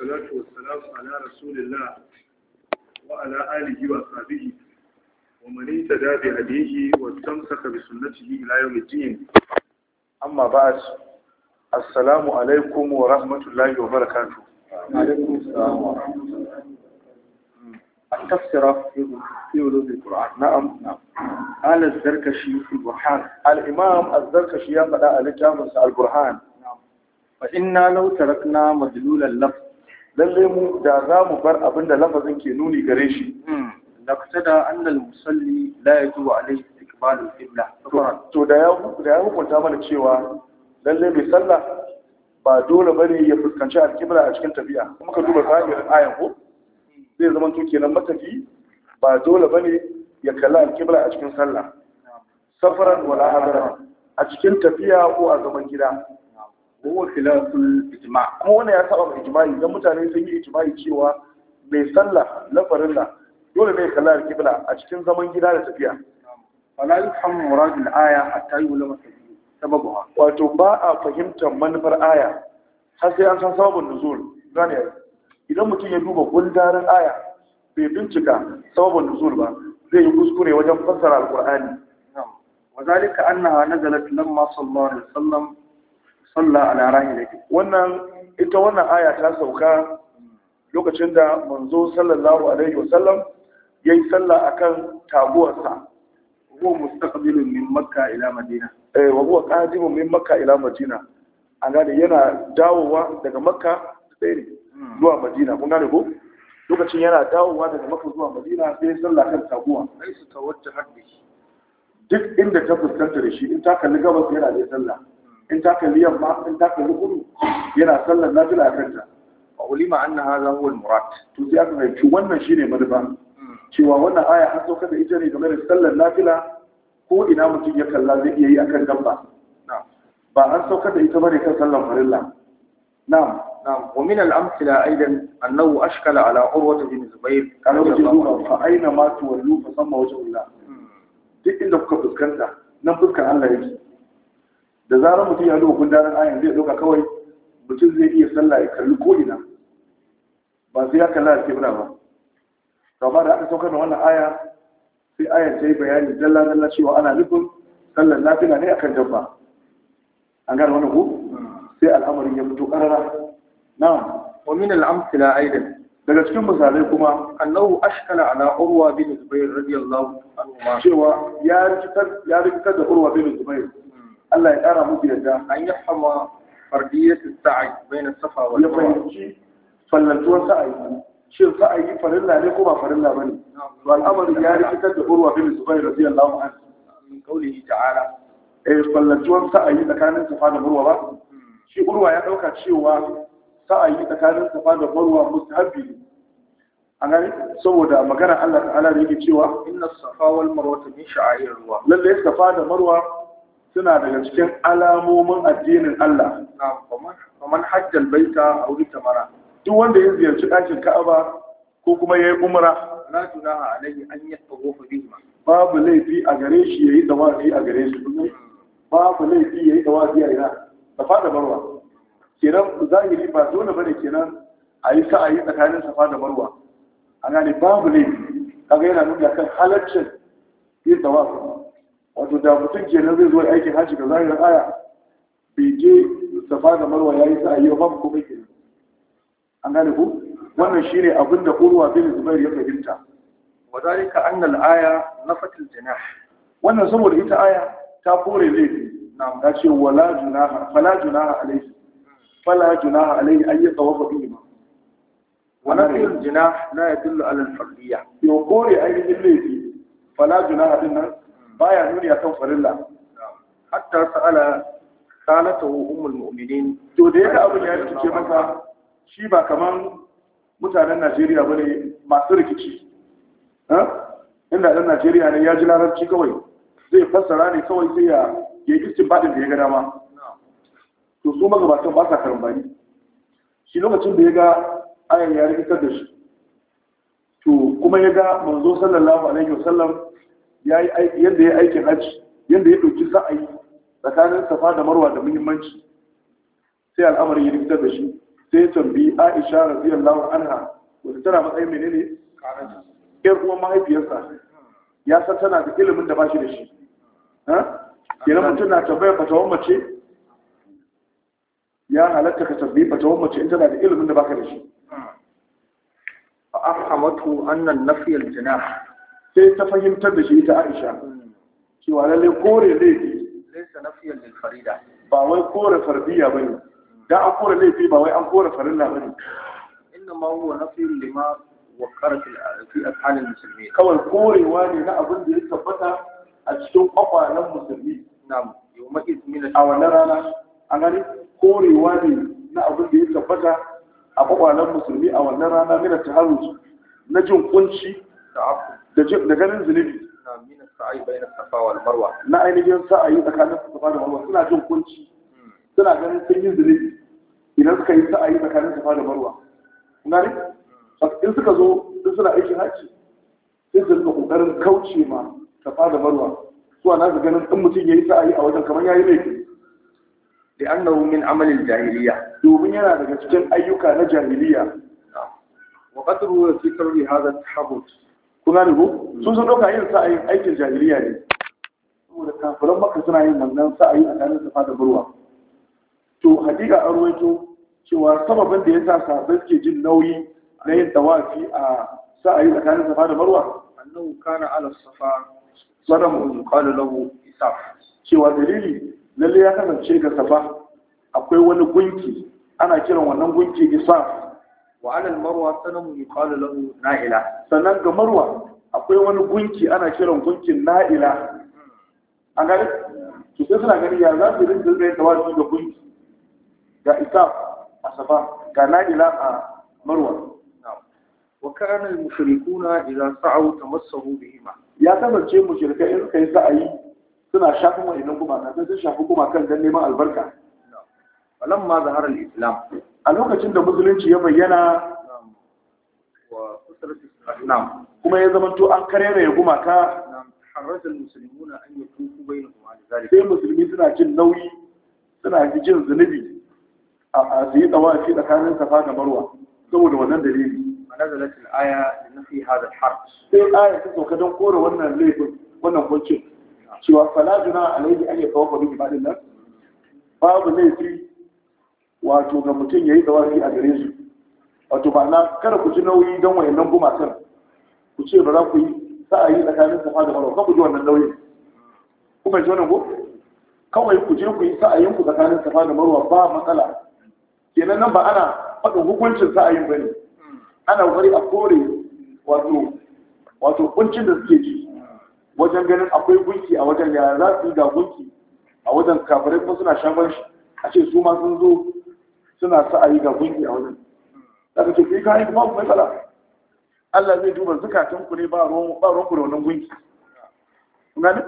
wasalatu wasalamu ala rasulillah wa ala alihi wa sahbihi wa man tada bi hadihi wa tamsaka bi sunnatihi ila yawm al-din amma ba'd assalamu alaykum wa rahmatullahi wa barakatuh alaykum assalam al-tafsir fi al-qur'an na'am na'am قال الزركشي في البحار الامام الزركشي قال على جامع البرهان فإنا لو تركنا مدلول اللفظ lalle mu da za mu bar abin da lafazin ke nuni gare shi da kusa da annal musalli la ya zuwa alaihi istiqbalul qibla to da ya hukunta mana cewa lalle mai sallah ba dole bane ya fuskanci alqibla a cikin tafiya muka duba zahirin ayan ko zai zama to kenan matafi ba dole bane ya kalla alqibla a cikin sallah safaran wala hadaran a cikin tafiya ko a zaman gida huwa khilaful ijma kuma wannan ya saba ijma'i idan mutane sun yi ijma'i cewa mai sallah na farin farilla dole ne kalla kibla a cikin zaman gida da tafiya wala yafhamu muradul aya hatta yulama sababuha wato ba a fahimtar manufar aya har sai an san sababin nuzul gane idan mutum ya duba gundarin aya bai bincika sababin nuzul ba zai yi kuskure wajen fassara al-ƙur'ani. alqur'ani وذلك أنها نزلت لما صلى الله عليه وسلم salla ala rahilati wannan ita wannan aya ta sauka lokacin da manzo sallallahu alaihi wasallam yayi salla akan taguwarsa huwa mustaqbilun min makka ila madina eh wa huwa qadimun min makka ila madina A gane yana dawowa daga makka sai zuwa madina kun gane ko lokacin yana dawowa daga makka zuwa madina sai sallah kan taguwa sai su tawajjaha duk inda ta fuskanta da shi in ta kalli gabas yana da sallah in ta kalli yamma in ta kalli kudu yana sallar nafila a kanta A ulima anna hadha huwa al-murad to sai aka wannan shine manufa cewa wannan aya an sauka da ita ne game da sallar nafila ko ina mutum ya kalla zai iya yi akan gamba? ba an sauka da ita bane kan sallar farilla na'am نعم ومن الأمثلة أيضا أنه أشكل على عروة بن الزبير قال وجهه فأينما تولوا فثم وجه الله duk inda kuka fuskanta nan fuskan Allah yake da zarar mutum ya duba gudanar ayan zai ɗauka kawai mutum zai iya sallah ya kalli ko'ina ba sai ya kalla da kibra ba to da aka saukar da wannan aya sai ayan ta yi bayani dalla dalla cewa ana nufin sallar lafiya ne akan dabba an gane wani ku sai al'amarin ya fito karara na'am wa min al-amthila aidan daga cikin misalai kuma annahu ashkala ala urwa bin zubair radiyallahu anhu cewa ya rikitar ya rikitar da urwa bin zubair Allah ya ƙara muku yadda an yi hama fardiyyatu sa'i bayan safa wal marwa ya fahimci fallantuwar sa'ayi shin sa'ayi farilla ne ko ba farilla ne? Ba al'amarin ya rikitar da urwa bin zubair radiyallahu anhu min yi ta'ala eh fallantuwar sa'ayi tsakanin safa da marwa ba hmm. shi urwa ya ɗauka cewa sa'ayi tsakanin safa da marwa mustahabbi ne A gani saboda magana Allah ta'ala da yake cewa inna safa wal marwa min sha'air ruwa Lallai safa da marwa suna daga cikin alamomin addinin Allah kamar hajjal baita a wuri tamara duk wanda ya ziyarci ɗakin ka'aba ko kuma ya yi umra la tunaha alaihi an yastaghfa bihi babu laifi a gare shi yayi tsawazi a gare shi. Mm. babu laifi yayi tsawazi a ina safa da marwa kenan zahiri ba dole bane kenan a yi sa'ayi tsakanin safa da marwa Ana gane babu laifi kaga yana nuna kan halaccin yin tawafi wato da mutum kenan zai zo aikin hajji ga zahirin aya bai je safa da marwa ya yi sa'ayi ba mu kuma kenan an gane ku wannan shine abin da urwa bin Zubairu ya fahimta wadalika anna al-aya nafatil jinah wannan saboda ita aya ta kore laifi na ta ce wala junaha fala junaha alayhi fala junaha alayhi ay yatawafa bihi ma wala jinah la yadullu ala al-fardiyya yo kore ainihin laifi fala junaha din nan baya nuni akan farilla hatta sa'ala wa ummul mu'minin to da yaka abin ya rikice masa shi ba kaman mutanen Najeriya bane masu rikici eh? inda dan Najeriya ne ya ji larabci kawai zai fassara ne kawai sai ya yi istinbadin da ya ga dama to su magabatan ba sa karambani shi lokacin da ya ga ayan ya rikitar da shi to kuma ya ga manzo sallallahu alaihi wasallam ya yi aiki yadda ya aikin hajji yadda ya ɗauki sa'ayi tsakanin safa da marwa da muhimmanci sai al'amarin ya rikitar da shi sai tambayi aisha radiyallahu anha wata tana matsayin menene ƴar uwan mahaifiyarsa ya san tana da ilimin da ba shi da shi kenan mutum na tambayar fatawan mace ya halatta ka tambayi fatawan mace in tana da ilimin da baka da shi a ahamatu annan nafiyar jinah sai ta fahimtar da shi ta aisha cewa lalle kore laifi laisa nafiyan lil farida ba wai kore ba ne. da an kore laifi ba wai an kore farilla bane inna ma huwa nafiyun lima waqara fi a al musulmi. kawai korewa ne na abin da ya tabbata a cikin kwakwalan musulmi na'am yawma izmin a wannan rana a gani korewa ne na abin da ya tabbata a kwakwalan musulmi a wannan rana mina taharruj na jin kunci da abu da ganin zunubi na ainihin yi tsakanin safa da marwa suna jin kunci hmm. suna ganin sun yi zunubi idan suka yi sa a yi tsakanin safa da marwa kuna ne hmm. in suka zo in suna aikin haci, sai su rika kokarin kauce ma safa da marwa suwa na su ganin in mutum ya yi sa a yi a wajen kamar ya yi laifi da annahu min amalin jahiliya domin yana daga cikin ayyuka na jahiliya wa qadru fi tarbi hadha tahawut kuna ne sun sun ɗauka yin sa'ayin aikin jahiliya ne saboda kafiran maka suna yin wannan sa'ayi a safa da burwa to hakika an ruwaito cewa sababin da ya sa sahabbai suke jin nauyi na yin tawafi a sa'ayi a safa da burwa annahu kana ala safa un qala lahu isaf cewa dalili lalle ya kasance ga safa akwai wani gunki ana kiran wannan gunki isaf wa alal marwa sanamu yuqalu lahu na'ila sannan ga marwa akwai wani gunki ana kiran gunkin na'ila an gani to sai suna gani ya za su rinka zai tawazu ga gunki ga isa asaba ga na'ila a marwa wa kana al mushrikuna idza sa'u tamassahu bihima ya kasance mushrikai in kai sa'ayi suna shafin wa'annan gumaka sai sun shafi kuma kan dan neman albarka falan ma zahar al-islam a lokacin da musulunci ya bayyana wa kusurati islam kuma ya zama zamanto an kare mai gumaka harrata musulmuna an yatufu bainahum ala zalika sai musulmi suna jin nauyi suna jin zunubi a su yi tsawafi tsakanin safa da marwa saboda wannan dalili nazalat al-aya li nafi hadha al-harb sai aya ta sauka don kore wannan laifin wannan hukunci cewa fala juna alayhi an yatawafa bi nan? babu laifi wato ga mutum ya yi tsawafi a gare su wato ba na kada ku ji nauyi don wayannan gumakan ku ce ba za ku yi za a yi tsakanin safa da marwa kan ku ji wannan nauyi ku bai ji wannan kawai ku je ku yi sa'ayin ku tsakanin safa da marwa ba matsala kenan nan ba ana faɗin hukuncin sa'ayin ba ne ana kokari a kore wato wato kuncin da suke ji wajen ganin akwai gunki a wajen yara za su yi ga gunki a wajen kafirai kuma suna shagon shi a ce su ma sun zo suna sa'ayi ga gunki a wajen daga ce kai kayan kuma matsala Allah zai duba zukatan ku ne ba ruwan ba da wannan gunki kun gane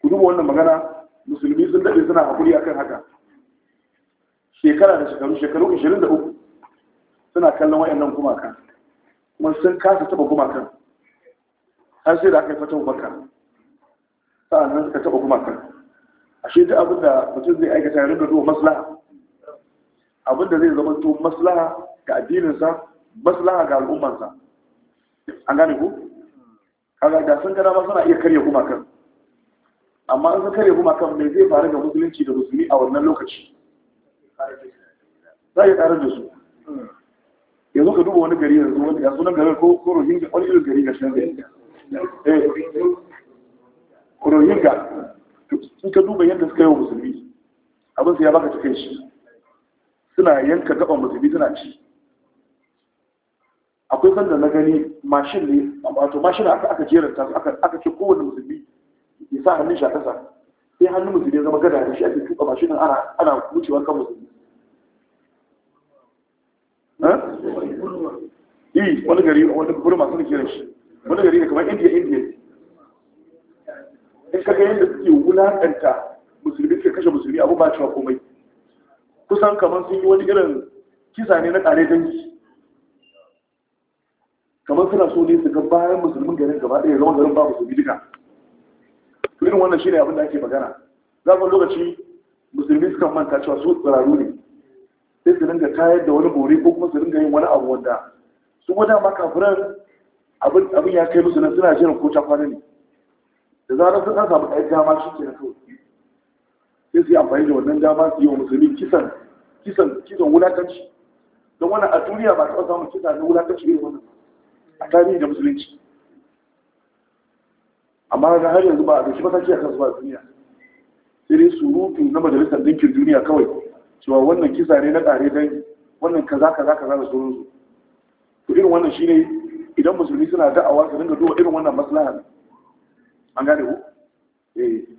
ku duba wannan magana musulmi sun dade suna a akan haka shekara da shekaru shekaru 23 suna kallon nan gumakan kuma sun kasa taɓa gumakan har sai da aka yi gumaka sa’an nan suka taɓa gumakan ashe duk abin da mutum zai aikata ya da duwa maslaha abinda zai zama to maslaha ga addininsa maslaha ga al'ummansa an gane ku kaga da sun gana ma suna iya karya gumakan amma in sun karya gumakan me zai faru ga musulunci da musulmi a wannan lokaci za a yi tsarar da su yanzu ka duba wani gari yanzu wani ya sunan garin ko rohingya wani irin gari ga shan eh, rohingya in ka duba yadda suka yi wa musulmi abin su ya baka cikin shi suna yanka gaban musulmi suna ci akwai sanda na gani mashin ne wato mashin aka aka jera ta aka ce kowane musulmi ya sa hannun shi a kasa sai hannun musulmi ya zama gada da shi ake tuka mashin ana ana wucewa kan musulmi eh wani gari wani masu ne kiran shi wani gari ne kamar indiya indiya in kaga yadda suke wulaƙanta musulmi suke kashe musulmi abu ba cewa komai kusan kamar sun yi wani irin kisa ne na ƙare dangi kamar suna so ne su ga bayan musulmin garin gaba ɗaya zama garin ba musulmi duka to irin wannan shine abin da ake magana za mu lokaci musulmi suka manta cewa su tsirarru ne sai su dinga tayar da wani bore ko kuma su dinga yin wani abu wanda su ma dama kafiran abin abin ya kai musu nan suna jiran ko ta kwana ne da zarar sun samu ɗaya dama shi ke na kawai sai su yi amfani da wannan dama su yi wa musulmi kisan kisan kisan wulakanci don wannan a duniya ba taɓa samun kisa na wulakanci irin wannan a tarihi da musulunci amma ga har yanzu ba a dauki mataki a kansu ba a duniya sai dai surutu na majalisar dinkin duniya kawai cewa wannan kisa ne na ƙare dangi wannan kaza kaza kaza da su. to irin wannan shine idan musulmi suna da'awa su dinga duba irin wannan maslaha an gane ku eh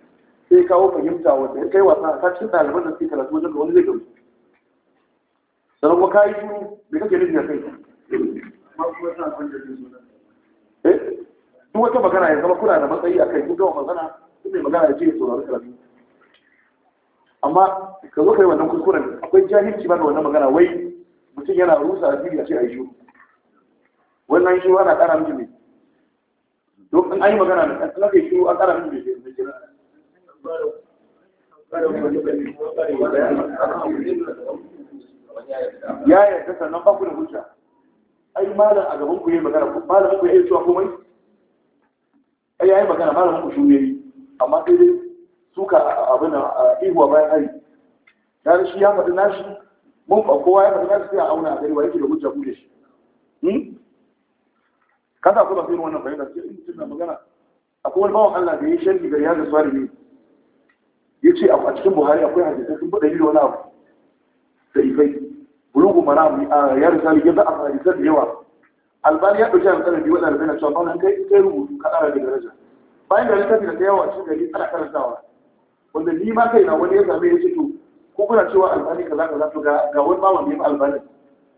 sai kawo fahimta wanda ya kai wasa a kacin ɗaliban da suke karatu wajen da wani zai gamsu sannan kuma kayi su da kake nufi a kai eh? duk wata magana ya zama kuna da matsayi a kai kun gama magana kun mai magana ya ce ya saurari karatu amma ka zo kai wannan kuskuren akwai jahilci ba da wannan magana wai mutum yana rusa a asiri a ce a yi shi wannan shi na ƙara miki ne don an yi magana da ƙasa kai shi an ƙara miki ne ya yarda sannan ba ku da ai malam a gaban ku magana ku malam ku komai ai magana malam ku shi bayan shi ya faɗi nashi mun kowa ya faɗi sai a auna gari wa yake da hujja ku da shi hmm? kada ku ba sai wannan bayanan sai in magana akwai wani bawan Allah da ya sharhi gari ya ga swari ne ya ce a cikin buhari akwai hadisai sun buɗe da wani abu da ifai bulugu maram a risali ya za a hadisai da yawa albani ya ɗauki hadisai da biyu wadda da na cewa ba kai in kai rubutu ka ƙara da daraja bayan da lissafi da ta yawa cikin gari ana karantawa wanda ni ma kaina wani ya same ya ce to ko kuna cewa albani kaza kaza to ga wani ma wanda ya fi albani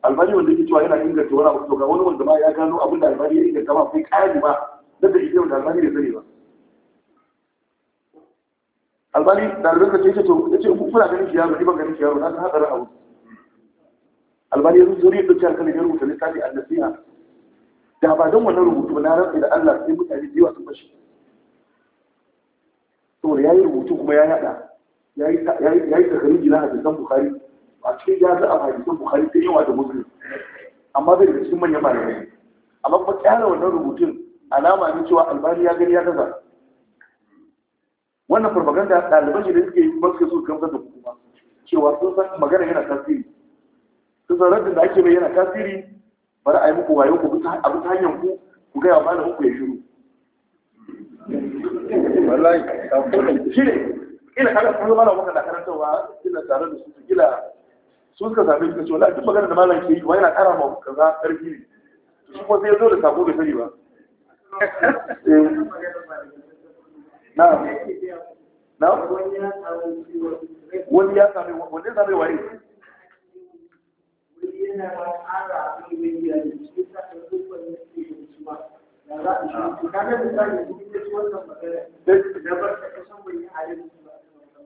albani wanda yake cewa yana inganta wani abu to ga wani wanda ma ya gano abin da albani ya inganta ma kai ƙari ba da da ita wanda albani bai sani ba albani ɗaliban ka ce to ya ce kuna ganin ki yaro ni ban ganin ki yaro na san hatsarin abu albani ya zuri da ta kan yaro ta lissafi annasiha da ba don wannan rubutu na rantsa da Allah sai mutane da yawa sun bashi ya yi rubutu kuma ya yada yi yayi yayi jina na hadisan bukhari a cikin ya za a hadisan bukhari sai yawa da muslim amma bai da cikin manyan malamai amma kuma tsara wannan rubutun alama ne cewa albani ya gani ya gaza wannan farfaganda ɗaliban shi da suke yi masu kasu gamsar da kuma cewa sun san magana yana tasiri sun san raddin da ake mai yana tasiri bari a yi muku wayo ku abin ta hanyar ku ku gaya ba da muku ya shiru shi ne ina kaga sun zama da muka karantarwa ina tare da su su gila su suka sami ka cewa duk magana da malam ke yi wa yana ƙara ma kaza ƙarfi ne shi kuma sai ya zo da sako bai sani ba na'am na'am wani ya sami wani ya sami wani ya sami wani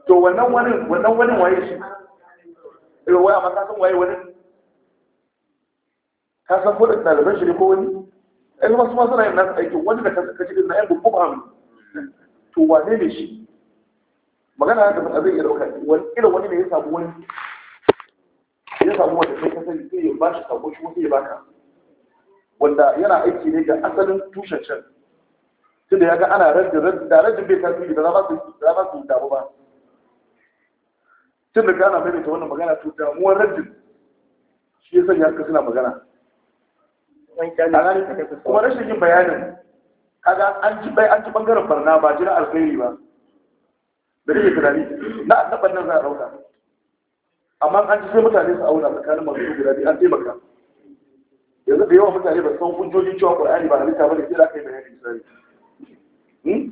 to wannan wani wannan wani waye shi ruwa eh, amma ka waye wani ka san ko da ɗaliban shi ne ko wani ɗan wasu ma suna yin nasu aikin wani da ka ci na yan gugu ba to wane ne shi magana ya gaba zai iya Wani irin wani ne ya samu wani ya samu wanda sai ka sani sai ya ba shi sako shi wani ya baka wanda yana aiki ne ga asalin tushen can tunda ya ga ana rajin da rajin bai tafi da za ba su da ba su damu ba tunda ka ana maimaita wannan magana to damuwar rajin shi ya sanya ka suna magana kuma rashin yin bayanin kaga an ci bai an ci bangaren barna ba jira alkhairi ba da kake tunani na na nan za a dauka amma an ci sai mutane su auna tsakanin masu guda biyu an taimaka yanzu da yawan mutane ba san hujjojin cewa qur'ani ba halitta bane sai da kai bayani misali hmm? eh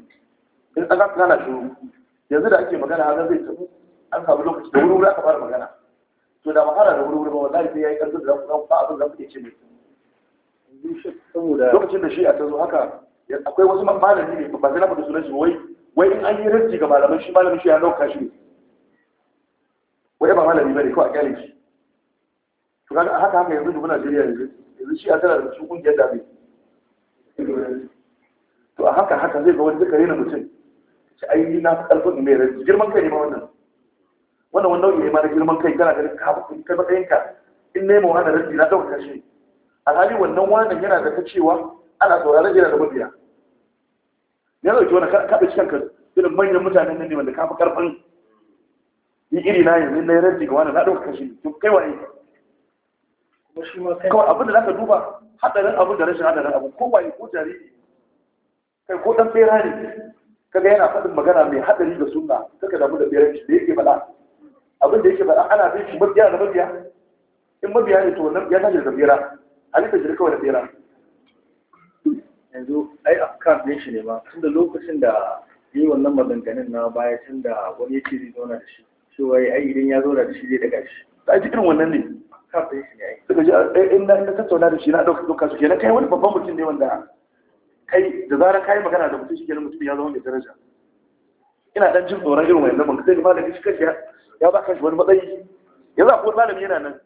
tsaka kana shiru yanzu da ake magana har zai tafi an samu lokaci da wuri wuri aka fara magana to da mahara da wuri wuri ba wallahi sai yayi karfin da kuma ba abin da kuke ce mai lokacin da shi a tazo haka akwai wasu malami ne ba sai na faɗi sunan shi wai wai in an yi rinci ga malaman shi malamin shi ya dauka shi wai ba malami bane ko a kyale shi to kaga haka haka yanzu dubu Najeriya yanzu yanzu shi a tana da su kungiyar da to a haka haka zai ga wani duka rena mutum ci ai na fi ƙarfin mai rai girman kai ne ma wannan wannan wani nau'i ne ma na girman kai kana da ka fi kai matsayinka in nema wani rabi na ɗauka shi alhali wannan wannan yana da ta cewa ana sauraron yana da mabiya ya dauki wani kaɗa cikin ka irin manyan mutanen nan ne wanda kafa fi ƙarfin yi iri na yanzu na yi rabi ga wani na ɗauka shi to kai waye kawai abin da zaka duba haɗarin abin da rashin haɗarin abin ko waye ko jariri kai ko ɗan bera ne kaga yana faɗin magana mai haɗari ga sunna kaka damu da shi da yake faɗa abin da yake faɗa ana bin shi mabiya da mabiya in mabiya ne to wannan ya tashi da biyara halitta shi kawai da biyara yanzu ai kan ne shi ne ma tunda lokacin da yi wannan maganganun na baya tun da wani yake zai zauna da shi cewa ai idan ya zauna da shi zai daga shi ta ji irin wannan ne Kafin ne shi ne ai suka ji eh, in na tattauna da shi na ɗauka su kenan kai wani babban mutum ne wanda kai da zarar yi magana da mutum shikenan mutum ya zama mai daraja ina dan jin tsoron irin wayannan ban sai malami shi kanshi ya ba kanshi wani matsayi yanzu akwai malami yana nan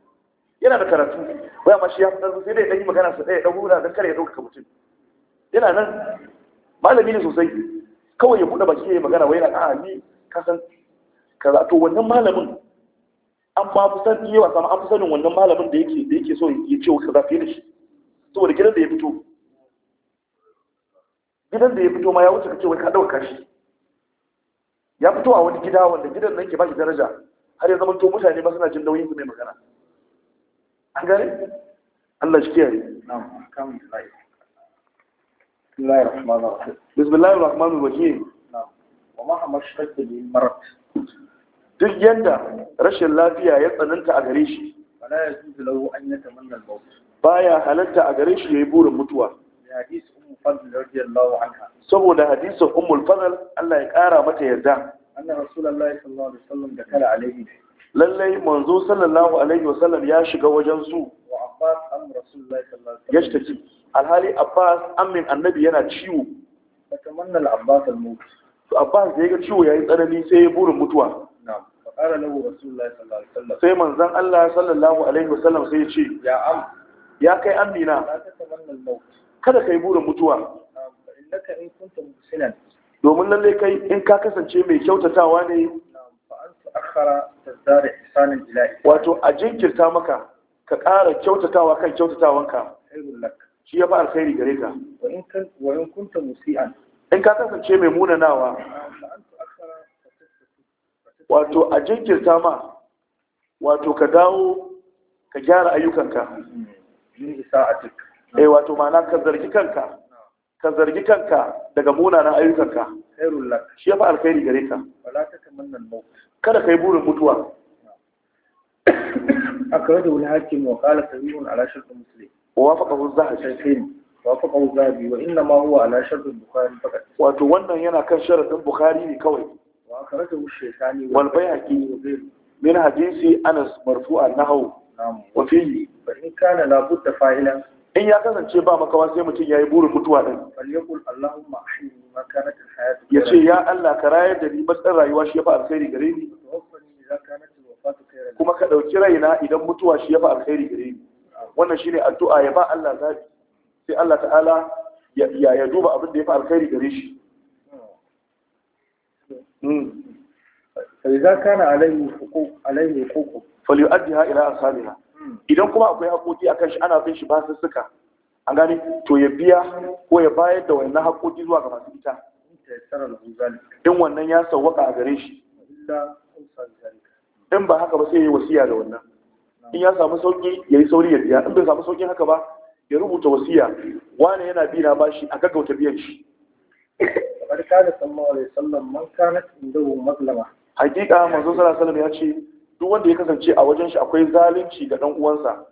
yana da karatu ba ma shi ya fitar sai dai dan yi magana sa dai dan hura dan kare ya dauka mutum yana nan malami ne sosai kawai ya buɗe baki ya yi magana wai yana a ni ka san za to wannan malamin an ba fi san wasa ma an fi sanin wannan malamin da yake da yake so ya ce kaza fiye da shi saboda gidan da ya fito gidan da ya fito ma ya wuce kace wai ka ɗauka shi ya fito a wani gida wanda gidan nan ke ba shi daraja har ya zama to mutane ba suna jin nauyin su mai magana an gare? Allah shi kiyaye na'am kamun lafiya بسم الله الرحمن الرحيم بسم الله الرحمن الرحيم نعم ومهما اشتد للمرض duk yadda rashin lafiya ya tsananta a gare shi bala ya zuzu lahu an ya al-maut baya halatta a gare shi yayi burin mutuwa hadisi fadl radiyallahu anha saboda hadisin ummul fadl Allah ya kara mata yarda anna rasulullahi sallallahu alaihi wasallam da kala alaihi lallai manzo sallallahu alaihi wasallam ya shiga wajen su wa abbas am rasulullahi sallallahu alaihi wasallam alhali abbas amin annabi yana ciwo al-abbas al-maut to abbas da yaga ciwo yayi tsanani sai ya burin mutuwa na'am lahu rasulullahi sallallahu alaihi wasallam sai manzon Allah sallallahu alaihi wasallam sai ya ce ya am ya kai amina la al kada ka yi burin mutuwa domin lalle kai in ka kasance mai kyautatawa ne wato a jinkirta maka ka ƙara kyautatawa kan kyautatawanka shi ya fi alkhairi gare ka in ka kasance mai munanawa wato a jinkirta ma wato ka dawo ka gyara ayyukanka eh wato ma'ana ka zargi kanka ka zargi kanka daga munanan ayyukanka shi ya shi alkhairi gare ka wala tatamanna al-maut kada kai burin mutuwa akradahu al-hakim wa qala sahihun ala shart muslim wa wafaqahu az-zahabi wafaqahu az-zahabi wa inna ma huwa ala shart al-bukhari faqat wato wannan yana kan sharadin bukhari ne kawai wa wani ash-shaytani wal bayhaqi min hadisi anas marfu'an nahwu wa fihi fa in kana la fa'ilan in ya kasance ba makawa sai mutum ya yi burin mutuwa ɗin ya ce ya Allah ka rayar da ni matsar rayuwa shi ya fi alkhairi gare ni kuma ka ɗauki raina idan mutuwa shi ya fi alkhairi gare ni wannan shine addu'a ya ba Allah zaɓi, sai Allah ta'ala ya duba abin da ya fi alkhairi gare shi فإذا كان عليه حقوق عليه حقوق فليؤديها إلى أصحابها idan kuma akwai haƙoƙi akan shi ana bin shi ba su suka an gane to ya biya ko ya bayar da wannan haƙoƙi zuwa ga masu ita in wannan ya sauwaka a gare shi in ba haka ba sai ya yi wasiya da wannan in ya samu sauƙi ya yi sauri ya biya in bai samu sauƙin haka ba ya rubuta wasiya wani yana bi na bashi a gaggauta biyan shi kamar kada sallallahu alaihi wasallam man kanat indahu mazlama hakika manzo sallallahu alaihi wasallam ya ce duk wanda ya kasance a wajen shi akwai zalunci ga dan uwansa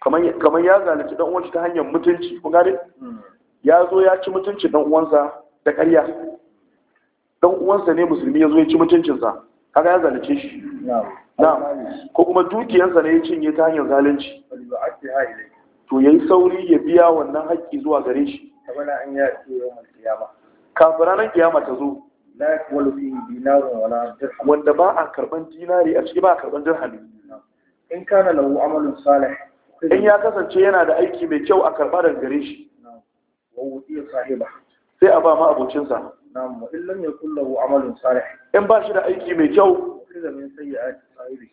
kamar ya zalunci dan uwansa ta hanyar mutunci kun gane hmm. ya zo ya ci mutunci dan uwansa da ƙarya dan uwansa ne musulmi ya zo ya ci mutuncinsa kaga ya zalunce shi Na: ko kuma dukiyarsa ne ya cinye ta hanyar zalunci to yayi sauri ya biya wannan haƙƙi zuwa gare shi kamar an ya ce yau kafin ranar kiyama ta zo wanda ba a karban dinari a ciki ba a karban dirhami in kana lahu amalun salih in ya kasance yana da aiki mai kyau a karba daga gare shi sai a ba ma abocinsa in ba shi da aiki mai kyau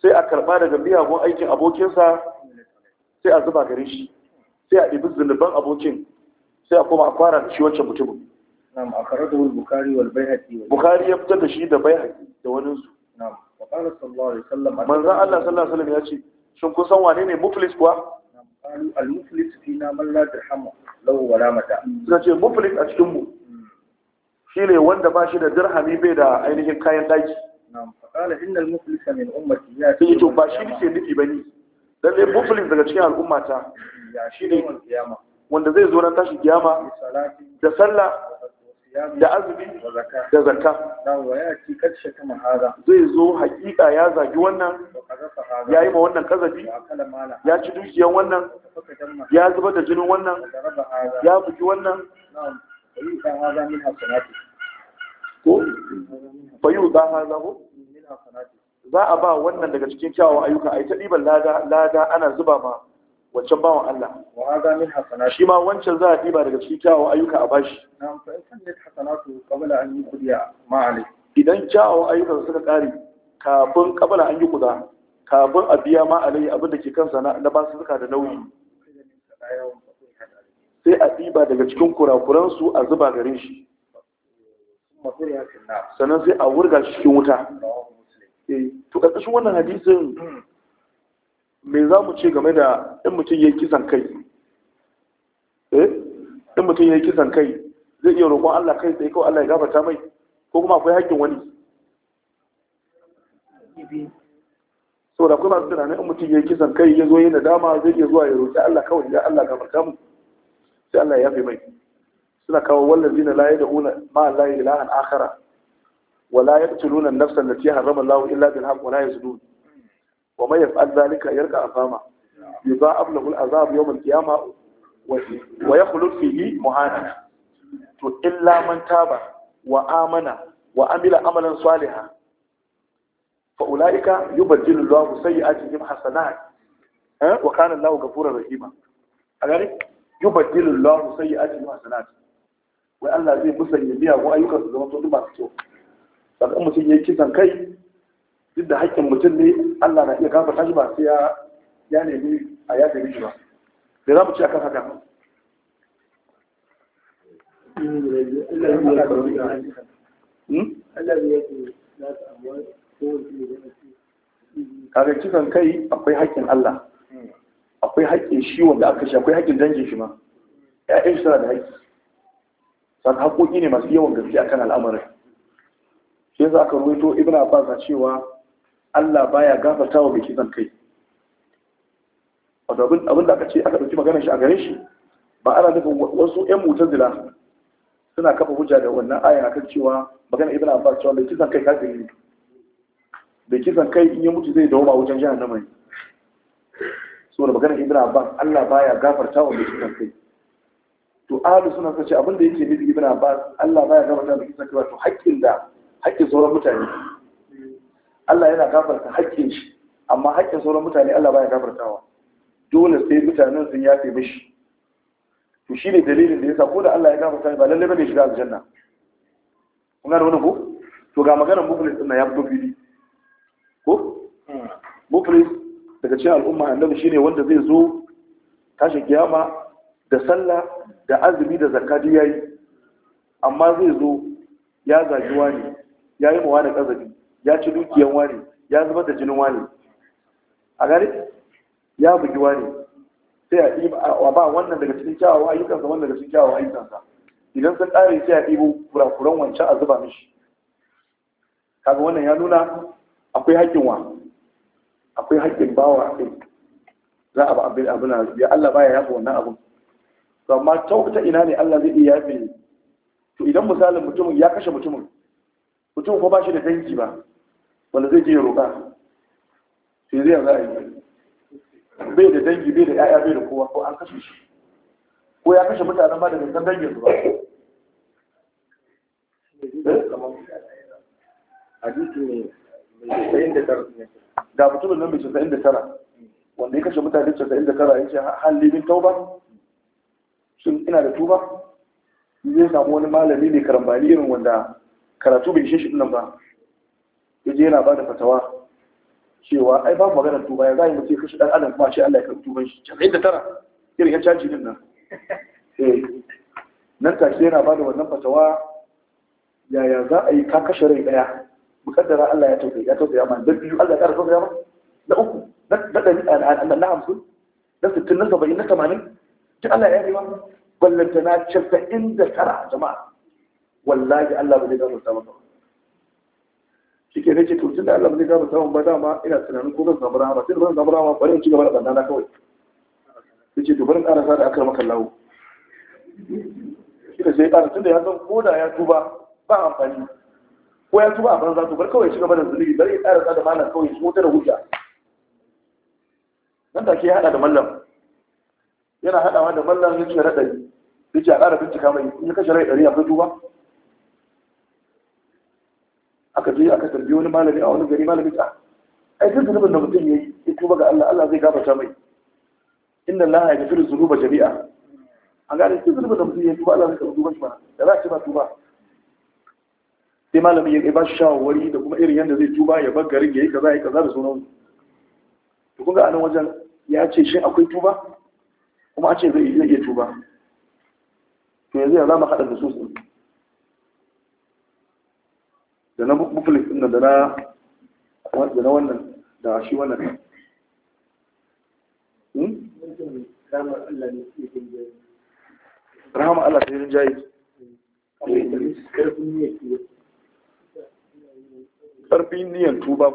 sai a karba daga miyagun aikin abokinsa sai a zuba gare shi sai a ɗibi zunuban abokin sai a koma a kwara da shi wancan mutumin نعم أخرجه البخاري والبيهقي البخاري يفتد شيء ده بيهقي ده ونسو نعم وقال صلى الله عليه وسلم من رأى الله صلى الله عليه وسلم يأتي شن كن سن wane ne muflis kuwa نعم قالوا المفلس فينا من لا درهم لو ولا متاع suka مفلس muflis a cikin mu shine wanda ba shi da dirhami bai da ainihin kayan daki na'am faqala innal muflisa min ummati ya ce to ba shi ke nufi bane dan dai muflis daga cikin al'ummata ya shi ne wanda zai zo nan tashi kiyama da sallah da azumi da zakka zai zo hakika ya zagi wannan ya yi ma wannan kazafi ya ci dukiyan wannan ya zubar da jinin wannan ya buki wannan ko bayu za a za ko za a ba wannan daga cikin kyawawan ayyuka a yi ta ɗiban lada ana zuba ma wancan bawan Allah wa hada min shi ma wancan za a diba daga cikin kyawun ayyuka a bashi fa in an ma alai idan kyawun ayyuka suka kare kafin qabla an yuqda kafin a biya ma alai abin da ke kansa na ba su suka da nauyi sai a diba daga cikin kurakuran su a zuba garin shi sannan sai a wurga cikin wuta eh, to ƙarƙashin wannan hadisin hmm. me za mu ce game da in mutum ya yi kisan kai eh in mutum ya yi kisan kai zai iya roƙon Allah kai tsaye kawai Allah ya gafarta mai ko kuma akwai haƙƙin wani saboda kuma masu tunanin in mutum ya yi kisan kai ya zo yi dama zai iya zuwa ya roƙi Allah kawai ya Allah gafarta mu sai Allah ya yafe mai suna kawo wallan zina laye da una ma laye ilahan akhara Wala la yaqtuluna an-nafsa allati harrama Allahu illa bil haqq wala la wa mai yaf'al zalika yarka afama yuza'ab lahu al'azab yawm al-qiyamah wa yakhlu fihi muhana to illa man taba wa amana wa amila amalan salihan fa ulaika yubaddilu Allahu sayyi'atihim hasanat eh? wa kana Allahu ghafurur rahima a gare yubaddilu Allahu sayyi'atihim hasanat wai Allah zai musanya biya ko ayyukan su zama to mutum kisan kai duk da haƙƙin mutum ne Allah na iya gafarta shi ba sai ya ya nemi a ya da shi ba da za mu ci akan haka hmm? kaga kisan kai akwai haƙƙin Allah akwai haƙƙin shi wanda aka shi akwai haƙƙin dangin shi ma ƴaƴan shi suna da haƙƙi san haƙoƙi ne masu yawan gaske akan al'amarin shi yasa aka ruwaito ibn Abbas cewa Allah baya gafarta wa mai kisan kai wato abin da aka ce aka ɗauki magana shi a gare shi ba ana nufin wasu 'yan mutazila suna kafa hujja da wannan ayan kan cewa magana ibn abbas cewa mai kisan kai kafin yi. mai kisan kai in yi mutu zai dawo ba wajen jahannama So, da magana ibn abbas Allah baya gafarta wa mai kisan kai to Ali suna sace abin da yake nufi ibn abbas Allah baya gafarta wa mai kisan kai to haƙƙin da haƙƙin sauran mutane Allah yana gafarta haƙƙin shi amma haƙƙin sauran mutane Allah baya gafartawa dole sai mutanen sun yafe mishi to shi ne dalilin da ya ko da Allah ya gafarta ba lalle bane shiga aljanna kun da wannan ko to ga maganar muflis din ya fito fili ko muflis daga cikin al'umma annabi shine wanda zai zo tashi kiyama da sallah da azumi da zakka yayi amma zai zo ya zaji wani yayi mawa da kazabi ya ci dukiyan wani ya zubar da jinin wani a gari ya bugi wani sai a ba wannan daga cikin kyawawa ayyukansa wannan daga cikin kyawawa ayyukansa idan sun ƙare sai a ɗibo kurakuran wancan a zuba mishi kaga wannan ya nuna akwai haƙƙin wa akwai haƙƙin bawa a kai za a ba abin abin ya Allah baya yafi wannan abin to amma ta ina ne Allah zai iya yafe to idan misalin mutumin ya kashe mutumin mutum ko ba shi da dangi ba wanda zai je roƙa sai zai za a yi bai da dangi bai da 'ya'ya bai da kowa ko an kashe shi ko ya kashe mutane ma da nisan dangin su ba eh? ga mutumin nan mai casa'in da tara wanda ya kashe mutane casa'in da tara ya ce halibin tauba shin ina da tuba zai samu wani malami ne karambani irin wanda karatu bai shi shi nan ba ya je yana ba da fatawa cewa ai babu maganar tuba ya zai mutu ya kashe dan adam kuma ce Allah ya karbi tuban shi jami'in da tara irin ya caji din nan eh nan take yana ba da wannan fatawa yaya za a yi ka kashe rai daya mukaddara Allah ya tauke ya tauke amma dan biyu Allah ya ƙara tauke ma na uku na ɗari na hamsin na sittin na saba'in na tamanin duk Allah ya yi ma ballantana casa'in da tara jama'a wallahi Allah ba zai gafarta maka shike ne ce to da Allah bai zai gaba samun ba dama ina tunanin ko zan samu rahama sai da zan samu rahama bari in ci gaba da bandana kawai sai ce to bari ƙarasa da aka maka lawo shi da sai ƙara tunda ya san ko da ya tuba ba amfani ko ya tuba a banza to bari kawai ci gaba da zunubi bari ya ƙarasa da malam kawai shi mota da hujja nan da ke haɗa da mallam yana haɗawa da mallam ya ce raɗari ya ce a ƙara bincika mai in ka kashe rai ɗari akwai tuba aka je aka tambayi wani malami a wani gari malami ta ah, ai duk zunubin da mutum yayi ya tuba ga Allah Allah zai gafarta mai inna Allah ya gafiru zunuba jami'a an gane duk zunubin da mutum yayi tuba Allah zai karɓi tuban shi ba da za a ce ba tuba sai malami ya ba shi shawarwari da kuma irin yadda zai tuba ya bar garin ya yi kaza ya kaza da sunan to kun ga anan wajen ya ce shin akwai tuba kuma a ce zai iya tuba to yanzu ya zama haɗa da su da na muflis ɗin da na da na wannan da shi wannan hmm? rahama Allah ta yi rinjaye ƙarfin niyan tuba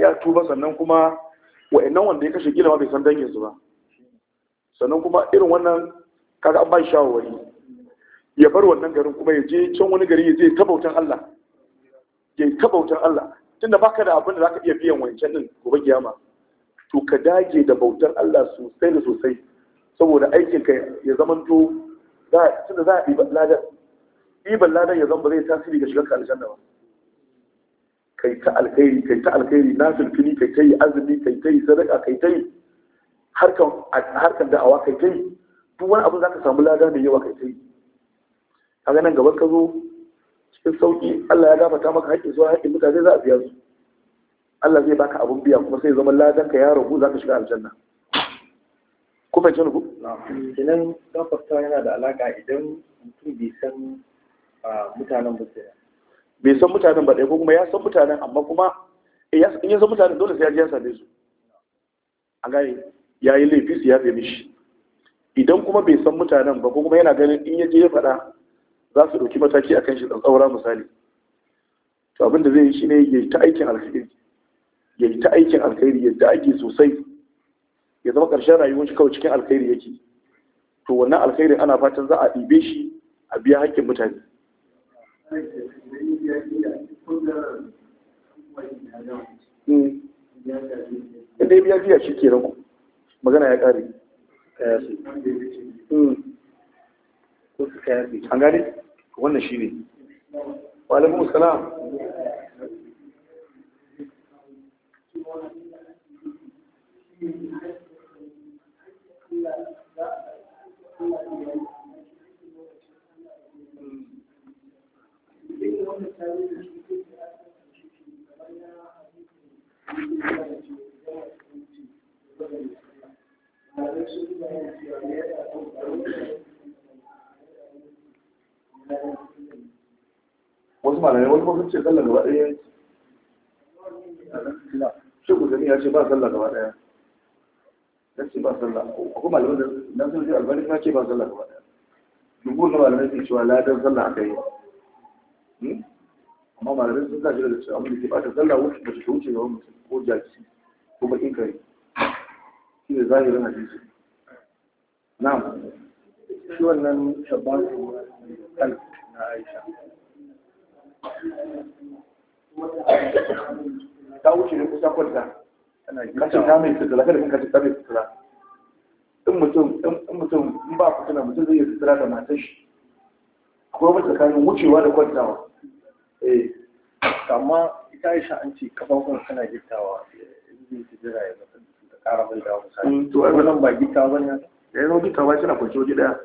ya tuba sannan kuma wa'annan wanda ya kashe gida ma bai san su ba sannan kuma irin wannan kaga an ba shawarwari ya bar wannan garin kuma ya je can wani gari ya je tabautan Allah ya yi bautar Allah tunda baka da abin da zaka iya biyan wancan din gobe kiyama to ka dage da bautar Allah sosai da sosai saboda aikin ka ya zamanto za tunda za a ibar ladan ibar ladan ya zama ba zai tasiri ga shigar ka aljanna ba kai ta alkhairi kai ta alkhairi na filfili kai ta yi azumi kai ta yi sadaka kai ta yi harkan harkan da'awa kai ta yi duk wani abin zaka samu lada mai yawa kai ta yi kaga nan gaba ka zo in sauki Allah ya gafarta maka haƙƙin zuwa haƙƙin mutane za a biya su Allah zai baka abun biya kuma sai zama ladan ka ya ragu za ka shiga aljanna ku fahimci ku idan gafarta yana da alaka idan mutum bai san mutanen ba bai san mutanen ba dai ko kuma ya san mutanen amma kuma in ya san mutanen dole sai ya ji ya same su a gane ya yi laifi su ya fi mishi idan kuma bai san mutanen ba ko kuma yana ganin in ya je ya faɗa za su ɗauki mataki a kan shi tsaura misali to abin da zai yi shi ne ya yi ta aikin alkhairi ya yi ta aikin alkhairi yadda ake sosai ya zama ƙarshen rayuwar shi kawai cikin alkhairi yake to wannan alkhairin ana fatan za a ɗibe shi a biya haƙƙin mutane hmm. inda ya biya biya shi ke ku magana ya ƙare hmm. an gane wannan shi ne walaikun salam Thank you. wasu malamai wasu kuma ce zalla gaba ɗaya shi ku ya ce ba zalla gaba ɗaya ya ce ba zalla, ko malamai da nan sun ce albani ya ce ba zalla gaba ɗaya dubu na malamai ke cewa ladan zalla a kai hmm? amma malamai sun tashi da cewa abin da ke bata zalla wuce ba ta wuce gaba mutum ko jaki ko bakin kai, shi ne zahirin hadisi na'am shi wannan shabbat القلب Aisha. Ta wuce ne kusa kwanta. Kace ta mai sutura, kada mutum, ba mutum zai da Akwai wani tsakanin wucewa da kwantawa. Eh, amma ita Aisha an ce kafafun suna gittawa. Zai ji jira ya mutum da ƙara mai dawo misali. Mm, to, ai wannan ba gittawa ba ne. Ya yi eh, gittawa suna kwanci waje ɗaya.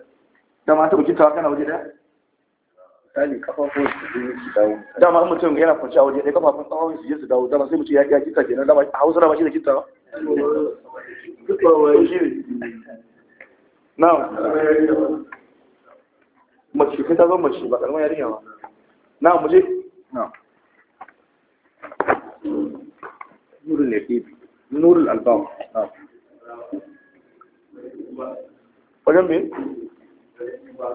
dama ta buki tawa kana waje daya misali kafafun su je su dawo dama mutum yana kwanci a waje daya kafafun tsawon su su dawo dama sai mutum ya ya kita kenan dama a Hausa dama shi da kita na mace kai ta zo mace ba kalmar yarinya ba na mu na nurul yaqib nurul albab na wajen me لا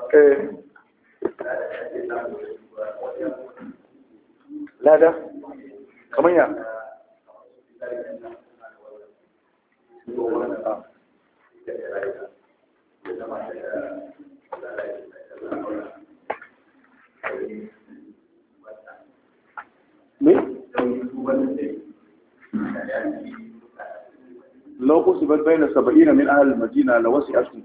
لا ya لو قسمت بين سبعين من أهل المدينة لوسعتهم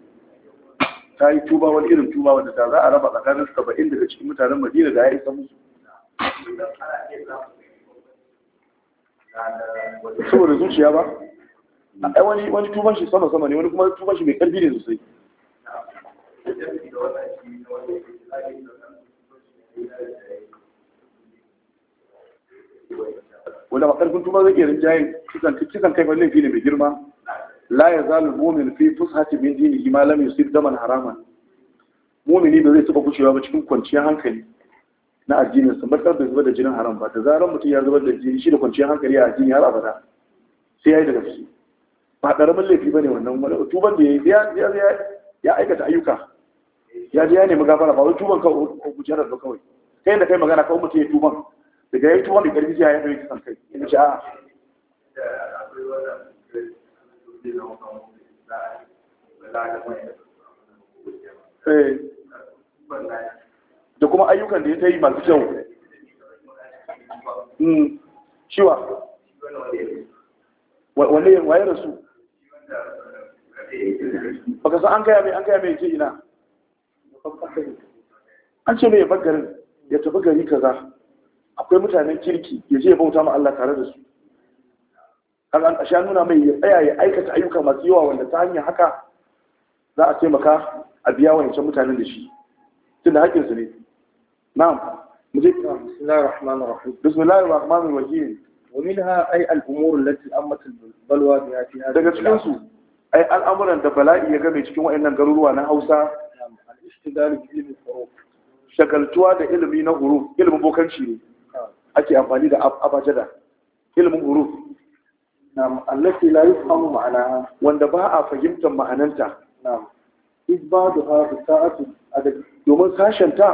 ta yi tuba wani irin tuba wanda ta za a raba tsakanin saba'in daga cikin mutanen madina da ya isa musu saboda zuciya ba ai wani wani tuban shi sama sama ne wani kuma tuban shi mai karfi ne sosai wanda ba karfin tuba zai iya rinjayen kisan kai wani laifi ne mai girma la zalu mu'min fi fushati min dinihi ma lam yusib daman harama mu'mini da zai taba kushewa ba cikin kwanciyar hankali na addinin sa matsar da zubar da jinin haram ba da zarar mutum ya zubar da jini shi da kwanciyar hankali a addini har abada sai ya yi daga gaske ba ƙaramin laifi ba ne wannan wani tuban da ya yi ya aikata ayyuka ya ji ya nemi gafara ba wai tuban ka gujarar ba kawai kai da kai magana kawai mutum ya tuban daga ya yi tuban da ƙarfi ya yi ɗauki kai ya ce a'a Eh. da kuma ayyukan da ya ta yi masu kyau ciwa hmm. yin waye rasu baka san an gaya mai an gaya mai ce ina an ce mai bagarin ya tafi gari kaza akwai mutanen kirki ya ce ya bauta ma Allah tare da su kaga a sha nuna mai ya tsaya ya aikata ayyuka masu yawa wanda ta hanyar haka za a taimaka a biya wancan mutanen da shi tun da haƙƙinsu ne na'am mu je bismillahir rahmanir rahim bismillahir rahmanir rahim wa minha ay al umur allati ammat al balwa bi hatiha daga cikin su ay al'amuran da bala'i ya game cikin wayannan garuruwa na Hausa al ishtidal bi ilmi furuf shagaltuwa da ilimi na huruf ilimin bokanci ne ake amfani da abajada ilimin huruf na'am allati la yufhamu ma'anaha wanda ba a fahimtar ma'ananta na'am izbaduha bi sa'ati adad domin sashen ta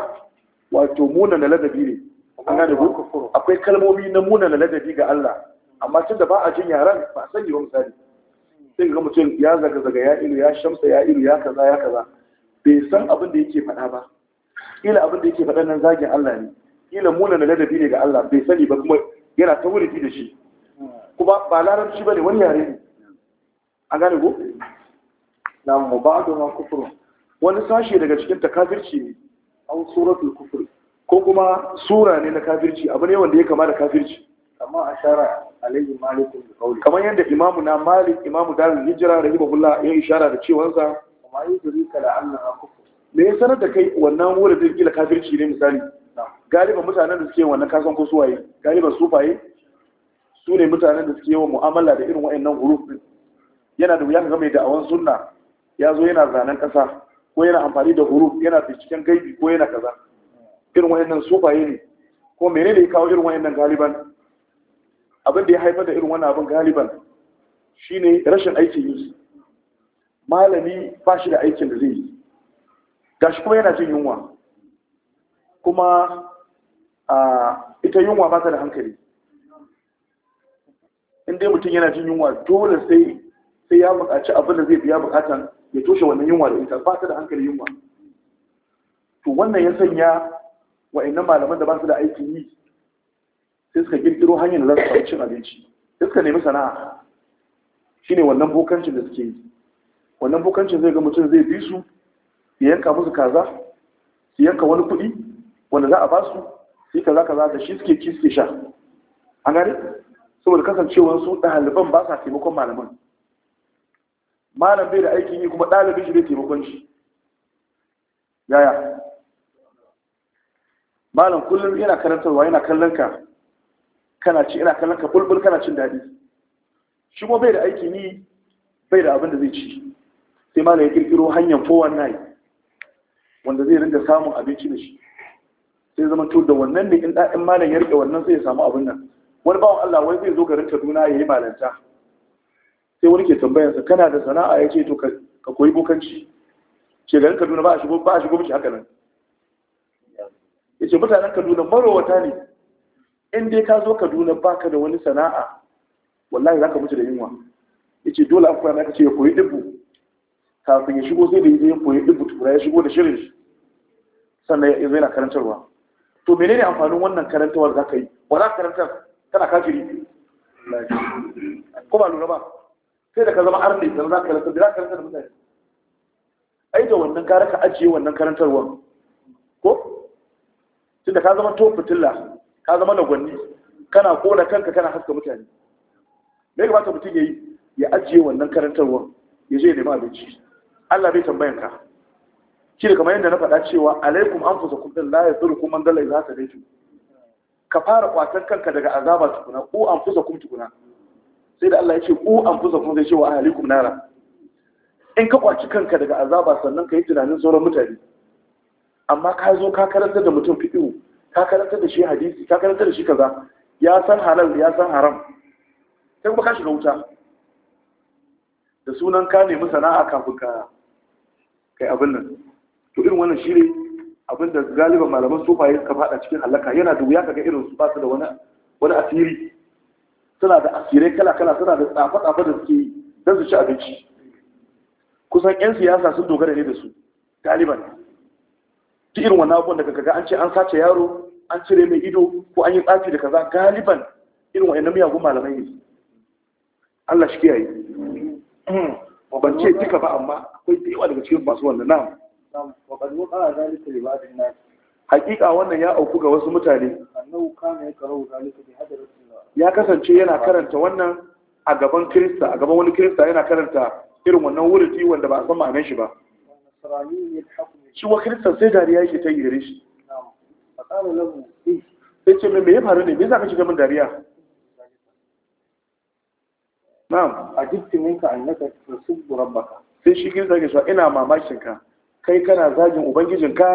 wato muna na ladabi ne an gane ko akwai kalmomi na muna na ladabi ga Allah amma tun da ba a jin yaran ba a sani ba misali sai ga mutum ya zaga zaga ya ilu ya shamsa ya ilu ya kaza ya kaza bai san abin da yake faɗa ba ila abin da yake faɗa nan zagin Allah ne ila muna na ladabi ne ga Allah bai sani ba kuma yana ta wuri da shi kuma ba larabci bane wani yare ne A gane ko na mu ba da ma wani sashi daga cikin ta kafirci ne an suratul kufur ko kuma sura ne na kafirci abu ne wanda ya kama da kafirci kama shara alayhi malik da qawli kamar yadda imamu na malik imamu dalil hijra rahimahullah ya ishara da cewa sa kuma yudrika la annaha kufur me ya sanar da kai wannan wurin da kila kafirci ne misali galiban mutanen da suke wannan kasan ko suwaye galiban sufaye su ne mutanen da suke yawan mu'amala da irin wa'annan huruf din yana da wuya game da awon sunna ya zo yana zanen ƙasa ko yana amfani da huruf yana binciken gaibi ko yana kaza irin wa'annan sufaye ne ko menene ya kawo irin wa'annan galiban abin da ya haifar da irin wannan abin galiban shine rashin aikin yi malami ba shi da aikin da zai yi gashi kuma yana jin yunwa kuma ah, ita yunwa ba ta da hankali in dai mutum yana jin yunwa dole sai sai ya buƙaci abin da zai biya buƙatan ya toshe wannan yunwa da ita ba ta da hankali yunwa to wannan ya sanya wa'annan malaman da ba su da aikin yi sai suka kirkiro hanyar da za su samu cin abinci sai suka nemi sana'a shine wannan bokancin da suke yi wannan bokancin zai ga mutum zai bi su ya yanka musu kaza su yanka wani kuɗi wanda za a ba su sai kaza kaza da shi suke ci suke sha an gane saboda kasancewar su ɗaliban ba sa taimakon malaman malam bai da aikin yi kuma ɗalibin shi bai taimakon shi yaya malam kullum yana karantarwa yana kallon ka kana ci ina kallon ka bulbul kana cin daɗi shi kuma bai da aikin yi bai da abin da zai ci sai malam ya kirkiro hanyar 419 wanda zai rinda samun abinci da shi sai zama to da wannan ne in ɗa'in malam ya rike wannan sai ya samu abin nan wani bawan Allah wai zai zo garin Kaduna ya yi malanta sai wani ke tambayarsa kana da sana'a ya ce to ka koyi bokanci ce garin Kaduna ba a shigo ba a shigo miki haka nan ya ce mutanen Kaduna marowata ne in dai ka zo Kaduna baka da wani sana'a wallahi zaka mutu da yunwa ya ce dole an kwana ka ce ya koyi dubu kafin ya shigo sai da ya koyi dubu tura ya shigo da shirin shi sannan ya zo yana karantarwa to menene amfanin wannan karantawar za ka yi ba za ka karantar kana kafiri ko ba lura ba sai da ka zama arne da za ka rasa da za ka rasa da mutane ai da wannan gara ka ajiye wannan karantarwar ko tunda ka zama to fitilla ka zama lagwanni kana kona kanka kana haska mutane me ya kamata mutum ya yi ya ajiye wannan karantarwar ya je ya nemi abinci Allah bai tambayan ka shi da kamar yadda na faɗa cewa alaikum anfusakum din la yadurrukum man dalla idza hadaytum ka fara kwatar kanka daga azaba tukuna ku an fusa kum tukuna sai da Allah ya ce ku an fusa kum zai ce wa ahlikum nara in ka kwaci kanka daga azaba sannan ka yi tunanin sauran mutane amma ka zo ka karanta da mutum fiɗiwu ka karanta da shi hadisi ka karanta da shi kaza ya san halal ya san haram sai kuma ka shiga wuta da sunan ka nemi sana'a kafin ka kai abin nan to irin wannan shi ne abinda galiban malaman sufaye suka fada cikin halaka yana da wuya kaga irin su ba su da wani wani asiri suna da asirai kala kala suna da tsafa tsafa da suke don su ci abinci kusan yan siyasa sun dogara ne da su galiban duk irin wannan abubuwan daga kaga an ce an sace yaro an cire mai ido ko an yi tsafi da kaza galiban irin wa'annan miyagun malamai ne Allah shi kiyaye ba ban ce duka ba amma akwai da yawa daga cikin masu wannan na'am وقد wannan ya auku ga wasu mutane ya kasance yana karanta wannan a gaban kirista a gaban wani kirista yana karanta irin wannan wurifi wanda ba a san ma'anar shi ba Ciwon wa kirista sai dariya yake ta gire shi eh. sai ce mai ya faru ne mai ka shiga min dariya na'am a jikin ka annaka rasul rabbaka sai shi kirista ke cewa ina mamakin kai kana zagin ubangijinka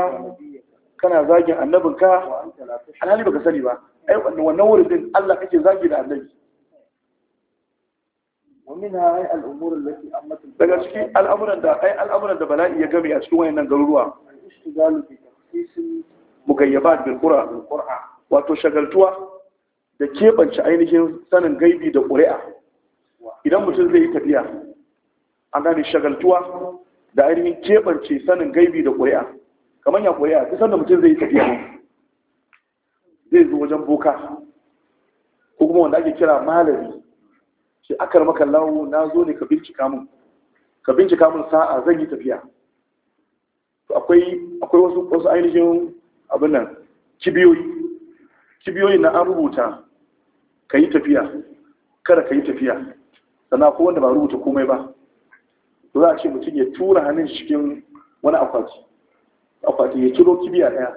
kana zagin annabinka alhali baka sani ba ai wannan wurin din Allah kake zagi da annabi daga cikin al'amuran da ai al'amuran da bala'i ya gami a cikin wayannan garuruwa mugayyabat bil qur'an wato shagaltuwa da keɓance ainihin sanin gaibi da ƙuri'a idan mutum zai yi tafiya an gane shagaltuwa da ainihin keɓance sanin gaibi da ƙuri'a kamar ya ƙuri'a duk sanda mutum zai yi tafiya ne zai zo wajen boka ko kuma wanda ake kira malami shi akar maka lawo na zo ne ka bincika mun ka bincika mun sa'a zan yi tafiya akwai akwai wasu wasu ainihin abin nan kibiyoyi kibiyoyi na an rubuta ka yi tafiya kada ka yi tafiya sannan akwai wanda ba rubuta komai ba to za a ce mutum ya tura hannun cikin wani akwati akwati ya ciro kibiya ɗaya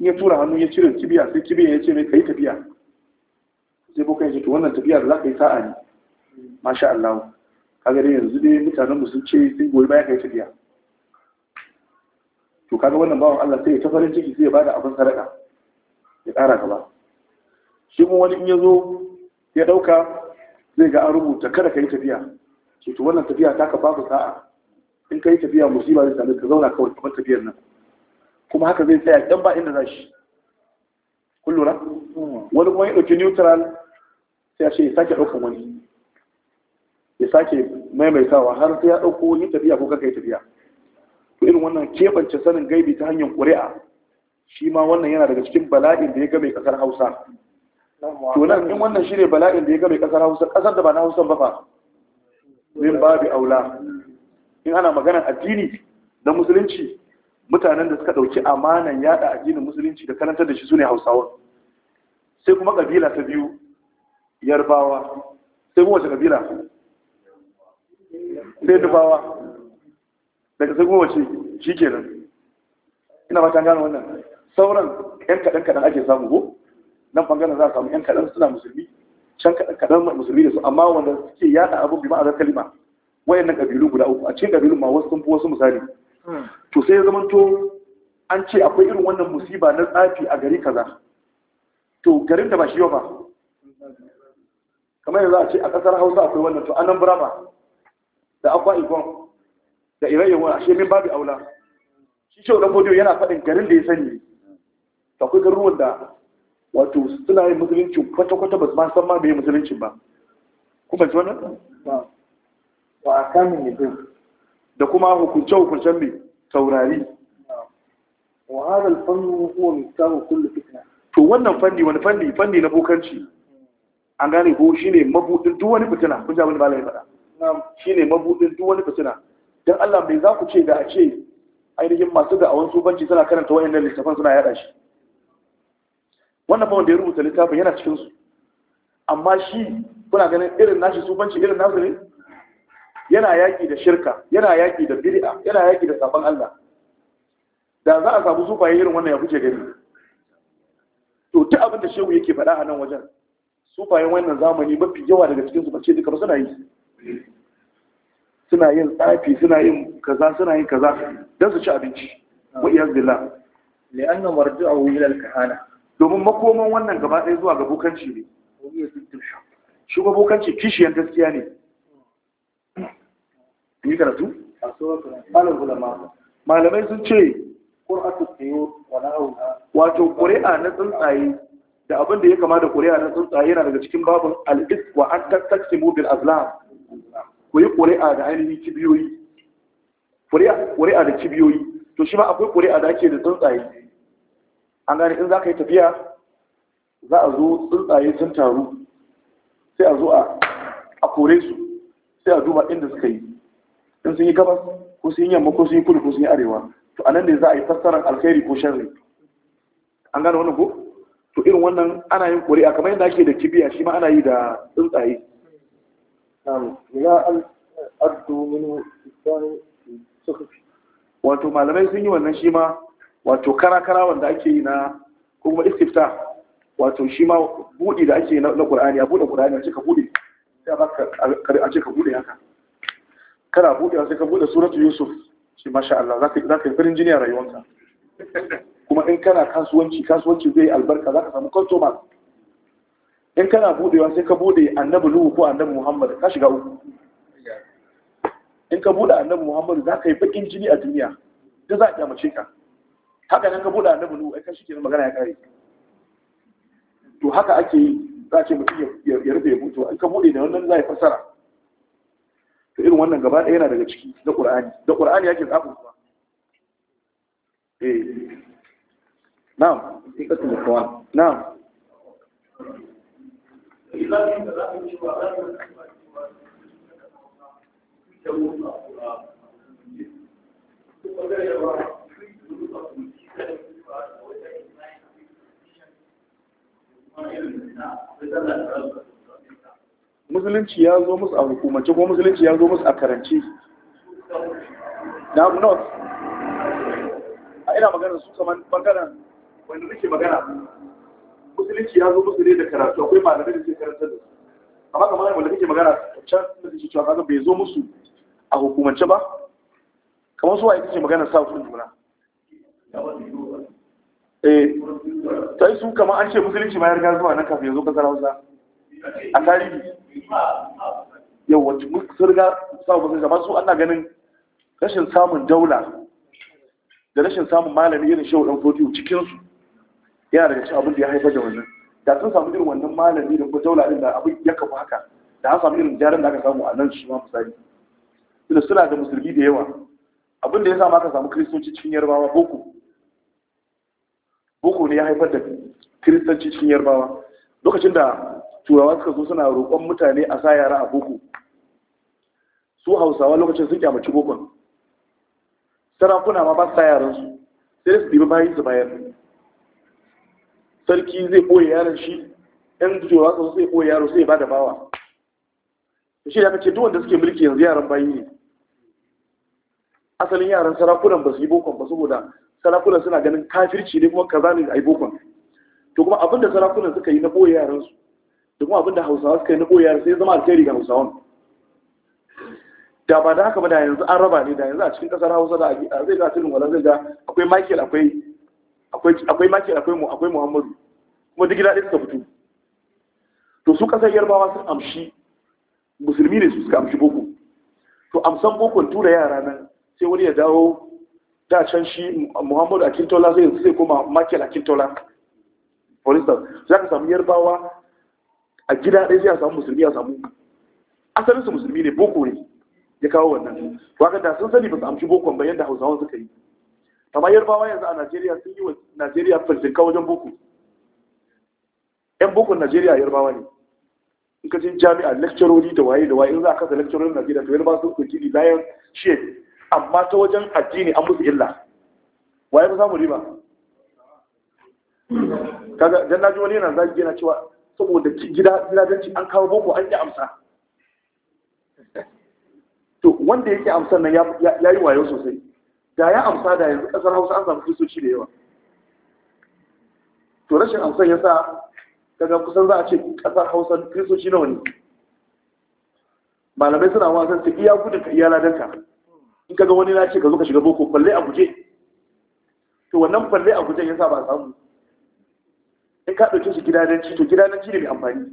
in ya tura hannun ya cire kibiya sai kibiya ya ce mai kai tafiya sai boka ya ce to wannan tafiya za ka yi sa'a ne masha Allah kaga dai yanzu dai mutanen sun ce sun goyi baya kai tafiya to kaga wannan bawan Allah sai ya ta farin ciki sai ya bada abin sadaka ya ƙara gaba shi mun wani in ya zo ya ɗauka zai ga an rubuta kada ka yi tafiya ce wannan tafiya taka babu sa'a in ka yi tafiya musiba zai sami ka zauna kawai kamar tafiyar nan kuma haka zai tsaya dan ba inda za shi kun lura wani kuma ya ɗauki neutral sai ya ce ya sake ɗaukan wani ya sake maimaitawa har sai ya ɗauko yi tafiya ko kaka yi tafiya to irin wannan keɓance sanin gaibi ta hanyar ƙuri'a shi ma wannan yana daga cikin bala'in da ya mai ƙasar hausa to nan in wannan shi ne bala'in da ya mai ƙasar hausa ƙasar da ba na hausa ba fa min babu aula in ana magana addini da musulunci mutanen da suka dauki amanan yada addinin musulunci da karantar da shi sune Hausawa sai kuma kabila ta biyu Yarbawa sai kuma wace kabila sai Dubawa daga sai kuma wace shi kenan. ina ta gano wannan sauran yan kadan kadan ake samu ko nan bangaren za a samu yan kadan suna musulmi can kaɗan musulmi da su amma wanda suke yada abin bi ma'azar kalima wayannan ƙabilu guda uku a cikin ƙabilun ma wasu sun fi wasu misali hmm. to sai ya to an ce akwai irin wannan musiba na tsafi a gari kaza to garin da ba shi yau ba kamar yanzu a ce a ƙasar hausa akwai wannan to anan burama da akwa ikon da irayen wani ashe min babu aula shi shi wadda yana faɗin garin da ya sani akwai garuruwan da wato suna yin musulunci kwata-kwata ba su ma san ma bai musulunci ba kuma ji wannan wa akamin nujum da kuma hukunce hukuncen mai taurari wahalar hadha al mai huwa miftahu kulli to wannan fanni wani fanni fanni na bokanci an gane ko shine mabudin duk wani fitina kun ja wani da malami faɗa ne mabudin duk wani fitina Don Allah mai za ku ce da a ce ainihin masu da'awan tsofanci suna karanta wayannan littafan suna yada shi wannan fawon da ya rubuta littafin yana cikinsu amma shi kuna ganin irin nashi sufanci irin nasu ne yana yaƙi da shirka yana yaƙi da bid'a yana yaƙi da sabon Allah da za a samu sufaye irin wannan ya fice gari to ta abin da shehu yake faɗa a nan wajen sufayen wannan zamani mafi yawa daga cikin su bace duka suna yi suna yin tsafi suna yin kaza suna yin kaza don su ci abinci wa iyaz billah li'anna marji'u ila al-kahana domin makoman wannan gaba ɗaya zuwa ga bukanci ne shi ga bukanci kishiyar gaskiya ne yi karatu malamai sun ce wato ƙuri'a na tsuntsaye da abin da ya kama da ƙuri'a na tsuntsaye yana daga cikin babin al'is wa an tattaksi mobil azlam ku yi ƙuri'a da ainihin kibiyoyi ƙuri'a da kibiyoyi to shi ma akwai ƙuri'a da ake da tsuntsaye an gane in za ka yi tafiya za a zo tsuntsaye sun taru sai a zo a kore su sai a duba inda suka yi in sun yi gabas ko sun yi yamma ko sun yi kudu ko sun yi arewa to anan ne za a yi fassarar alkhairi ko sharri an gane wani ko to irin wannan ana yin ƙuri'a kamar yadda ake da kibiya shi ma ana yi da tsuntsaye wato malamai sun yi wannan shi ma wato kara wanda ake yi na kuma istifta wato shi ma buɗi da ake yi na ƙur'ani a buɗe ƙur'ani a cika buɗe a cika buɗe haka kana buɗe sai ka buɗe suratu yusuf shi masha Allah za ka yi farin jini a rayuwarka kuma in kana kasuwanci kasuwanci zai albarka za ka samu customer in kana buɗewa sai ka buɗe annabi Luhu ko annabi muhammad ka shiga uku in ka buɗe annabi muhammad za ka yi bakin jini a duniya duk za a kyamace ka haka nan ka buɗa na bulu ai kan shi kenan magana ya kare to haka ake yi za a ce mutum ya rufe ya mutu in ka buɗe da wannan za ya fassara to irin wannan gaba ɗaya yana daga ciki da ƙur'ani da ƙur'ani yake tsafin kuma eh na'am ikatu kawan na'am Thank you. musulunci ya zo musu a hukumance ko musulunci ya zo musu a karance na north a ina magana su kamar bangaren wanda muke magana musulunci ya zo musu ne da karatu akwai malamai da suke karanta da su amma kamar wanda muke magana can da suke cewa kaga bai zo musu a hukumance ba kamar su wa ita ce magana sa hukun juna ta eh, yi su kamar an ce musulunci ma ya riga zuwa nan kafin ya zo kasar hausa a tarihi yawa sun riga sau musulunci amma su ana ganin rashin samun daula da rashin samun malami irin shehu dan fodiyo cikinsu yana daga cikin abin da ya haifar da wannan da sun samu irin wannan malami da kuma daula din da abin ya kafa haka da an samu irin jarin da aka samu a nan shi ma misali suna da musulmi da yawa abin da ya sa ma aka samu kiristoci cikin yarbawa boko boko ne ya haifar da kiristanci cikin yarbawa lokacin da turawa suka zo suna roƙon mutane a sa yara a boko su hausawa lokacin sun kyamaci bokon sarakuna ma ba sa yaransu sai su ɗibi bayan su bayan sarki zai ɓoye yaron shi ɗan turawa zo sai ɓoye yaro sai ba da bawa shi da aka ce duk wanda suke mulki yanzu yaran bayi ne asalin yaran sarakunan ba su yi bokon ba saboda sarakunan suna ganin kafirci ne kuma kaza ne a yi bokon to kuma abin da sarakunan suka yi na ɓoye yaran su da kuma abin da hausawa suka yi na ɓoye yaran sai zama alheri ga Hausawa. da ba da haka ba da yanzu an raba ne da yanzu a cikin kasar hausa da zai ga tilin wala zai ga akwai michael akwai akwai michael akwai mu akwai muhammadu kuma duk gida ɗaya suka fito to su kasar yarbawa sun amshi musulmi ne su suka amshi boko to amsan bokon tura yara nan sai wani ya dawo da can shi muhammadu akintola zai yanzu sai koma makil akintola for instance za ka samu yarbawa a gida ɗaya sai samu musulmi a samu asalin su musulmi ne boko ne ya kawo wannan waka da sun sani ba su amshi bokon ba yadda hausawan suka yi kamar yarbawa yanzu a najeriya sun yi wa najeriya firtinka wajen boko yan bokon najeriya yarbawa ne in ka jami'a lecturori da waye da waye in za a kasa lecturorin najeriya to yarbawa sun ɗauki lion shape amma ta wajen addini an musu illa wa ya fi samu riba kaga dan wani yana zagi yana cewa saboda gida gidajenci an kawo boko an yi amsa to wanda yake amsa nan ya yi wayo sosai da ya amsa da yanzu kasar hausa an samu kristoci da yawa to rashin amsa ya sa kaga kusan za a ce kasar hausa kristoci nawa ne malamai suna wasan su iya gudun ka iya ladanka in kaga wani na ce ka zo ka shiga boko falle a guje to wannan falle a ya yasa ba samu in ka dauke shi ci to ci ne mai amfani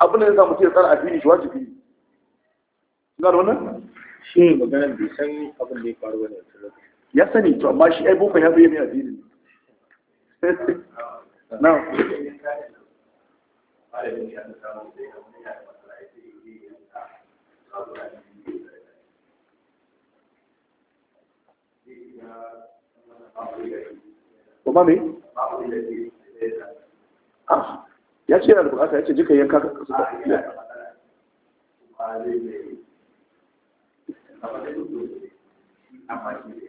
abin da ya samu sai tsara addini shi wajibi ne ga wannan shi ne magana bai san abin da ya faru ne ya sani to amma shi ai boko ya zo ya mai addini na to ma me ah, ya ce yana da bukata ya ce jika yanka ka su ba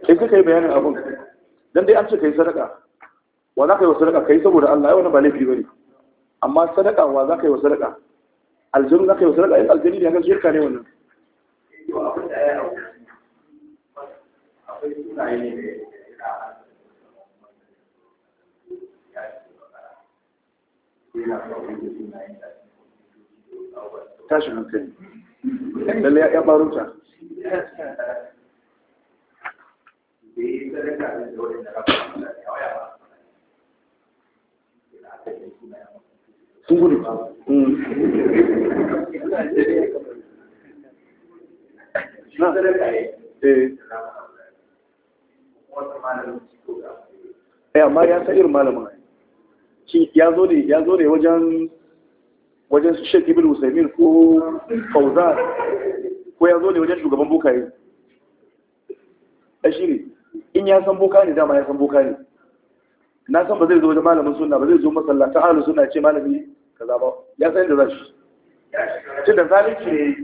in ka kai bayanin abin dan dai an ce kai sadaka wa za ka yi wa sadaka kai saboda Allah ya wani ba laifi bane amma sadaka wa za ka yi wa sadaka aljanu za ka yi wa sadaka in aljanu ne haka shirka ne wannan yana faruwa da hankali lalle ya ɓaro ta sun gudu na mm. eh. eh amma ya irin malamin ya zo ne wajen wajen Sheikh Ibn Usaimin ko Fauzan ko ya zo ne wajen shugaban bokaye shi ne in ya san boka ne dama ya san boka na san ba zai zo wajen malamin suna ba zai zo masallata ahlus sunna ce malami kaza ba ya san da zashi tun da zalunci ne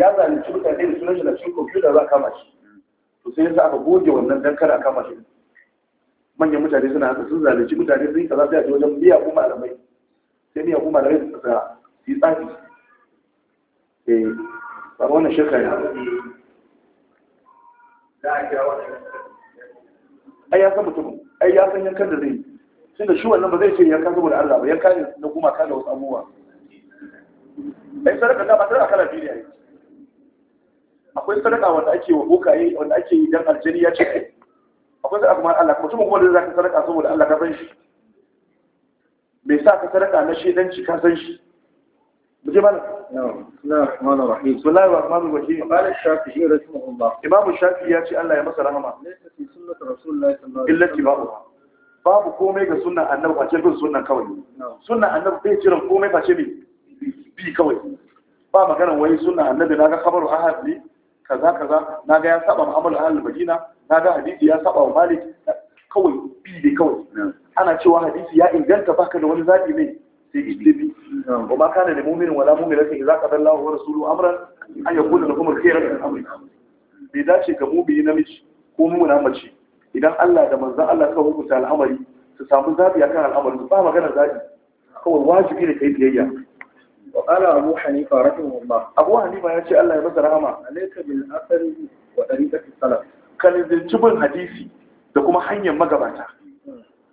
ya zalunci mutane da sunan shi na cikin kwamfuta za a kama shi to sai yasa aka goge wannan dan kada a kama shi manyan mutane suna haka sun zalunci mutane sun yi kaza sai a ji wajen biya ko malamai sai biya ko malamai su sa su yi tsafi eh ba wannan shirka ne ai ya san mutum ai ya san yankan da zai yi tunda shi wannan ba zai ce yanka saboda Allah ba yanka ne na kuma kada wasu abubuwa ai sadaka ta batar sadaka kala biyu akwai sadaka wanda ake wa bokaye wanda ake yi dan aljeriya ya ce akwai da azumar Allah mutum kuma da zaka sadaka saboda Allah ka san shi me sa ka sadaka na shedanci ka san shi muje mana na mana rahim wallahi wa rahmanu rahim qala shafi'i rahimahullah imam shafi'i ya ce Allah ya masa rahama laysa fi sunnati rasulillahi sallallahu alaihi wasallam illa tibahu babu komai ga sunnan annabi ba ce bin sunnan kawai sunnan annabi bai jira komai ba ce bi bi kawai ba magana wai sunnan annabi naga khabaru ahad ne kaza kaza naga ya saba mu'amalar ahlul madina Na ga hadisi ya saba wa malik kawai bi da kawai ana cewa hadisi ya inganta baka da wani zaɓi mai, sai ijtibi wa ma kana da mu'min wala mu'minatin idza qada Allahu wa rasuluhu amran an yakuna lakum al-khayru min amri bai dace ga mu'mini namiji ko mu'mina mace idan Allah da manzon Allah ka hukunta al'amari su samu zaɓi akan al'amari ba magana zaɓi. kawai wajibi ne kai biyayya وقال أبو حنيفة رحمه الله أبو حنيفة يا شيخ الله يبارك رحمه عليك بالأثر وطريقة السلف ka bin hadisi da kuma hanyar magabata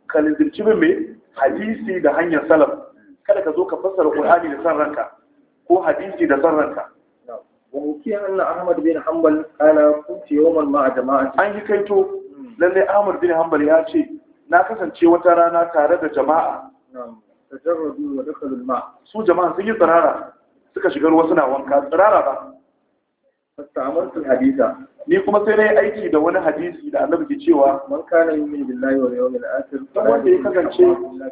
ka bin mai hadisi da hanyar salam, kada ka zo ka fassara qur'ani da san ranka ko hadisi da san ranka wa mukiya anna ahmad bin hanbal kana kunti yawman ma jama'a an yi kaito lalle ahmad bin hanbal ya ce na kasance wata rana tare da jama'a tajarradu wa al ma su jama'a sun yi tsirara suka shigar wasu na wanka tsirara ba fastamartu hadisa ni kuma sai dai aiki da wani hadisi da annabi ke cewa man kana min billahi wal yawmil akhir wanda ya kasance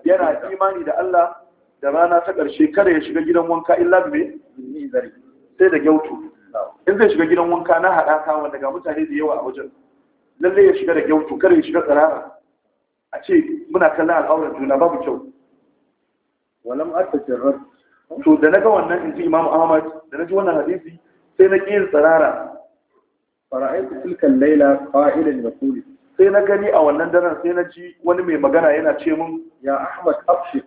yana imani da Allah da rana ta ƙarshe kada ya shiga gidan wanka illa bi sai da gyautu in zai shiga gidan wanka na haɗaka wanda ga mutane da yawa a wajen lalle ya shiga da gyautu kada ya shiga tsirara a ce muna kallon al'auran juna babu kyau walam atajarrar to da na ga wannan in ji imamu ahmad da na ji wannan hadisi sai na ƙi yin tsirara fara'aitu tilkan laila qa'ilan yaqulu sai na gani a wannan daren sai na ji wani mai magana yana ce min ya ahmad abshir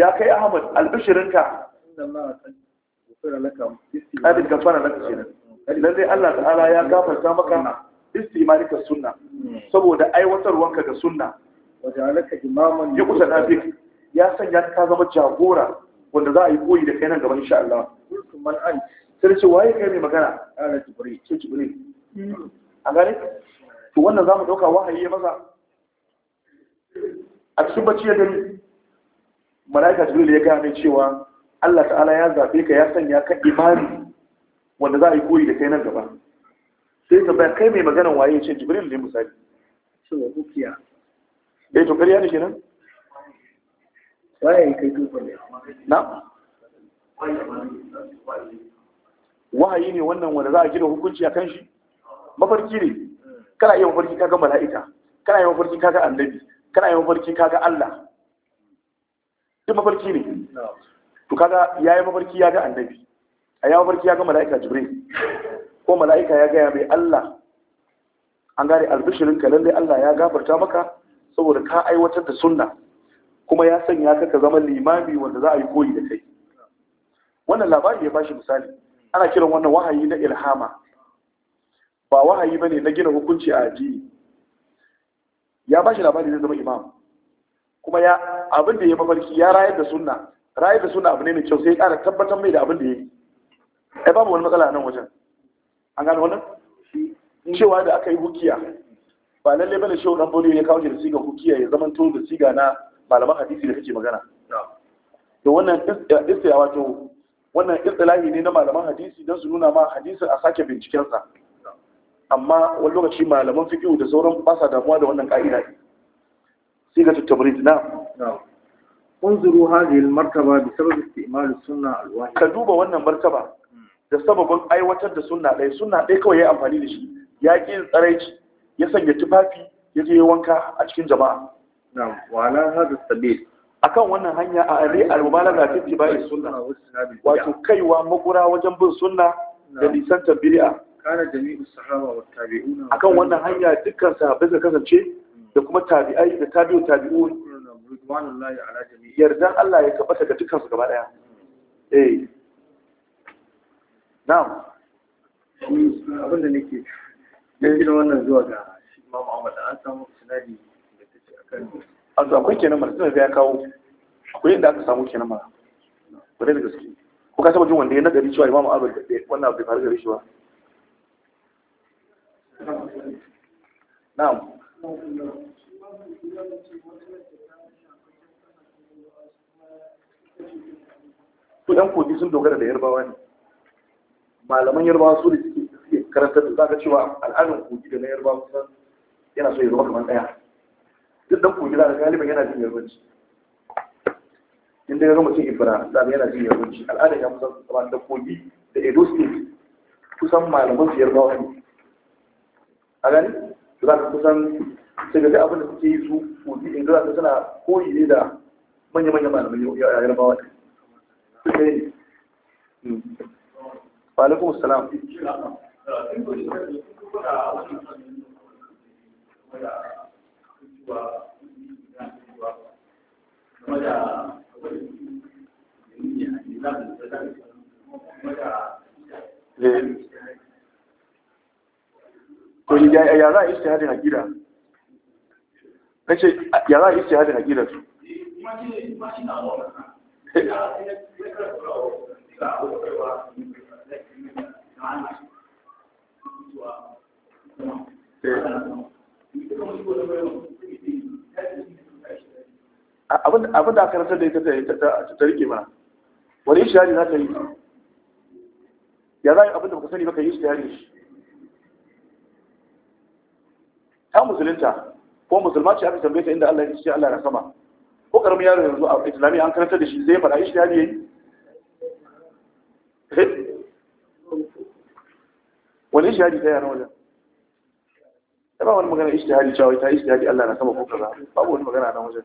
ya kai ahmad albishirinka inna allaha qad ghafara laka qad ghafara laka kenan lalle Allah ta'ala ya gafarta maka istimalika sunna saboda aiwatarwanka ga sunna wajalaka imaman ya kusa nafik ya sanya ka zama jagora wanda za a yi koyi da kai nan gaban insha Allah man an sai ce waye kai mai magana ala jibril ce jibril a gane to wannan za mu ɗauka wahayi ya maza a cikin bacci ya gani mala'ika jibril ya gane cewa Allah ta'ala ya zaɓe ka ya sanya ka imani wanda za a yi koyi da kai nan gaba sai ka bayan kai mai maganan waye ce jibril ne misali cewa ukiya eh to ƙarya ne kenan waye kai tuba ne na wahayi ne wannan wanda za a gina hukunci a kan shi mafarki ne kana yi mafarki kaga mala'ika kana yi mafarki kaga annabi kana yi mafarki kaga Allah duk mafarki ne to kaga yayi mafarki ya ga annabi a yi mafarki ya ga mala'ika jibril ko mala'ika ya gaya mai Allah an gane albishirin ka lalle Allah ya gafarta maka saboda ka aiwatar da sunna kuma ya sanya ka ka zama limami wanda za a yi koyi da kai wannan labari ya bashi misali ana kiran wannan wahayi na ilhama ba wahayi bane na gina hukunci a addini ya ba shi labari zai zama imam kuma ya abin da ya mafarki ya rayar da sunna rayar da sunna abu ne mai kyau sai ya ƙara tabbatar mai da abin da ya yi ai babu wani matsala a nan wajen an gano wannan cewa da aka yi hukiya ba lalle bane shehu dan boliyo ya kawo shi da siga hukiya ya zama to da siga na malaman hadisi da kake magana to wannan istilahi wato wannan istilahi ne na malaman hadisi don su nuna ma hadisin a sake bincikensa amma wani lokaci malaman fiqh da sauran ba sa damuwa da wannan ka'ida sai ga tabrid na unzuru hadhihi al-martaba bi sabab istimal sunna al-wahid ka duba wannan martaba da sababin aiwatar da sunna ɗaya sunna ɗaya kawai ya amfani da shi ya ƙi tsaraici ya sanya tufafi ya je wanka a cikin jama'a na wala hada sabil akan wannan hanya a are al-mubalagha fi ittiba'i sunna wato kaiwa magura wajen bin sunna da nisan bid'a jami'u sahaba wa akan wannan hanya dukkan sahabbai suka kasance hmm. da kuma tabi'ai da tabi'u tabi'un ridwanullahi ala jami'i yardan Allah ya tabbata ga dukkan su gaba daya hmm. eh na'am da nake yanzu da eh. wannan zuwa ga shi ma Muhammad an samu sinadi da take akan an akwai kenan mara suna da ya kawo akwai yadda aka samu kenan mara dai da gaske ko ka saba jin wanda ya nagari cewa imamu abin wannan abu bai faru gare shi ba na'am su ɗan kogi sun dogara da yarbawa ne malaman yarbawa su da suke karanta da zaka cewa al'adun kogi da na yarbawa kusan yana so ya zama kamar ɗaya duk ɗan kogi zaka galiban yana jin yarbanci inda ya zama cin ibra zaka yana jin yarbanci al'adun ya kusan zama da kogi da edo state kusan malaman su yarbawa ne a gani za ka kusan sai ga abin da suke yi su uzi in za ka suna koyi ne da manya-manyan malamai yayin bawa ɗin su ɗaya ne hmm. alaikum salam Yeah. ya za a a su abin da aka rasar da ita ta rike ba wani ishari za ta yi ya za a yi abin da baka sani baka yi ishari shi ta musulunta ko musulma ce aka tambaye ta inda Allah ya ce Allah ya sama ko karamin yaro yanzu a islami an karanta da shi zai fara shi ya biye eh? wani shi hali ta yana wajen ta ba wani magana ishtihadi cewa ta yi Allah ya sama ko kaza babu wani magana nan wajen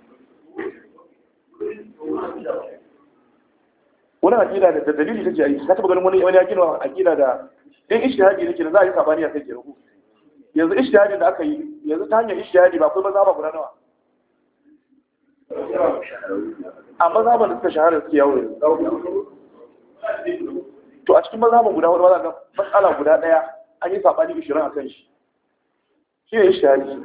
wani akida da dalili take yi ka taba ganin wani wani akida da in ishtihadi yake da za a yi sabani a kai ke rubutu yanzu ishtihadi da aka yi yanzu ta hanyar ishtihadi ba kai ba guda nawa a mazhaban da suka shahara suke yawo to a cikin mazhaban guda wani wanda ga matsala guda daya an yi saɓani 20 a kan shi shi ne ishtihadi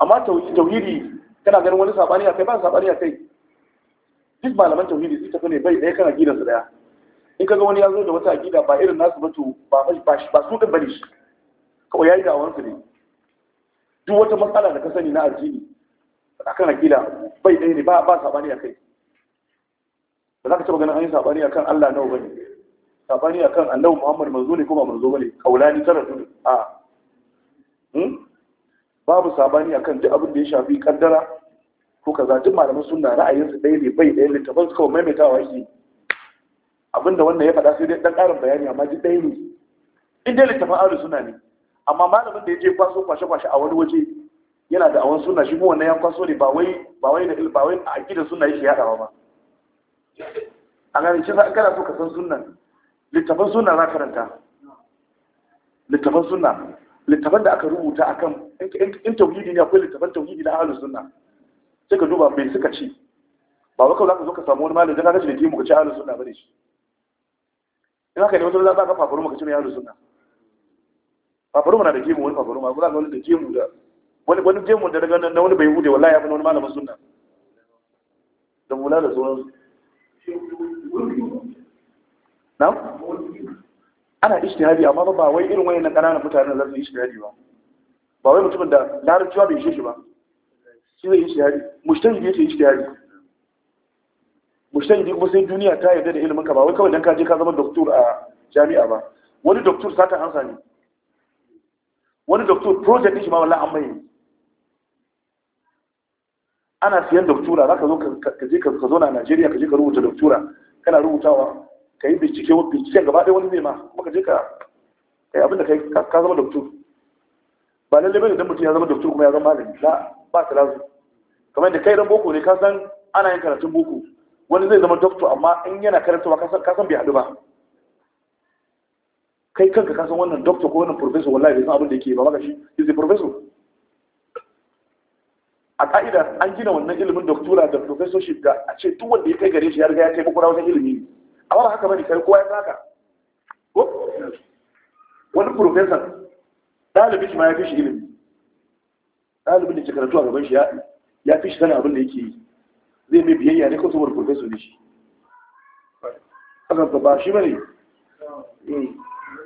amma tauhidi kana ganin wani saɓani a kai ba saɓani a kai duk malaman tauhidi su tafi ne bai daya kan aƙidarsu daya. in ka ga wani ya zo da wata aƙida ba irin nasu ba to ba su ɗin ba ne shi kawai ya yi da awansu ne duk wata matsala da ka sani na a kan hakila, bai ɗaya ne ba saɓani a kai ba za ka taɓa ganin an yi saɓani a kan Allah nawa bane saɓani a kan allah Muhammad manzo ne kuma manzo bane kaulani tara su a hmm? babu saɓani a kan duk abin da ya shafi kaddara ko za duk malaman sunna ra'ayinsu ɗaya ne bai ɗaya ne tabbas kawai maimaitawa yake abinda wannan ya faɗa sai dai ɗan ƙarin bayani amma duk ɗaya ne in dai littafin aure suna ne amma malamin da ya je kwaso kwashe-kwashe a wani waje yana da awon suna shi wannan ya kwaso ne ba wai ba wai da ba wai a gidan suna yake yada ba a gani shi za kana so ka san sunan littafan suna za karanta littafan suna littafan da aka rubuta akan in tauhidi ne akwai littafan tauhidi na ahlus sunna sai ka duba bai suka ci ba wai kawai za ka zo ka samu wani malami da ka gaji da ke muka ci ahlus sunna bane shi in haka ne wata za ka fafuru muka ci ne ahlus sunna fafaru na da gemu wani fafaru ma kuma wani da gemu da wani wani gemu da daga nan wani bai hude wallahi ya fi wani malamin sunna da mula da sauran na ana ishtihadi amma ba wai irin wani na ƙananan mutanen za su ishtihadi ba ba wai mutumin da larabciwa bai ishe shi ba shi zai ishtihadi mushtahidi yake ishtihadi mushtahidi kuma sai duniya ta yarda da ilimin ka ba wai kawai dan ka je ka zama doktor a jami'a ba wani doktor sata ansa ne wani doktor project din shi ma wallahi an mai ana siyan doktora za ka zo ka je ka zo na Najeriya ka je ka rubuta doktora kana rubutawa ka yi bincike wa bincike gaba ɗaya wani zai ma kuma ka je ka kai abin da kai ka zama doktor ba lalle bane dan mutum ya zama doktor kuma ya zama malami la ba ta lazu kamar da kai dan boko ne ka san ana yin karatun boko wani zai zama doktor amma in yana karantawa ka san bai haɗu ba kai kanka kasan wannan doctor ko wannan professor wallahi bai san abin da yake ba maka shi is the professor a ka'ida an gina wannan ilimin doctora da professorship da a ce duk wanda ya kai gare shi ya riga ya kai bukura wajen ilimi ne a wani haka bane kai kowa ya saka. ko wani professor ɗalibi shi ma ya fi shi ilimi ɗalibin da ke karatu a gaban shi ya fi shi sani abin da yake yi zai mai biyayya ne kawai saboda professor ne shi haka ba shi bane hmm.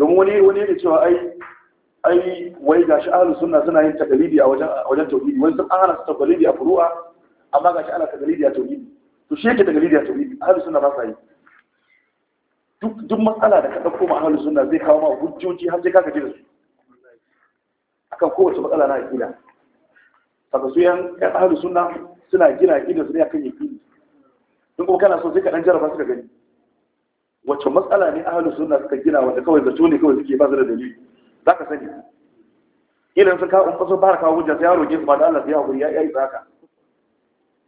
domin wani wani ne cewa ai ai wai gashi ahlus sunna suna yin taqlidi a wajen wajen tauhidi wani sun ana su taqlidi a furu'a amma ga shi ana taqlidi a tauhidi to shi yake taqlidi a tauhidi ahlus sunna ba sa yi duk duk matsala da ka dauko ma ahlus sunna zai kawo ma hujjoji har sai ka gaji da su akan kowace matsala na aqida saka su yan ahlus sunna suna gina aqida su ne akan yaqini duk kuma kana so sai ka dan jarraba su ka gani wacce matsala ne ahalus suna suka gina wata kawai zato ne kawai suke basu da dalili za ka sani ilin sun kawo fasu fara kawo hujja sai yaro jesu, su da Allah sai hakuri ya yi zaka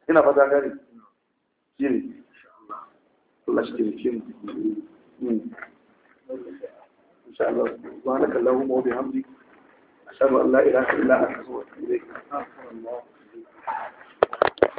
ina fata gani shi ne Allah shi ke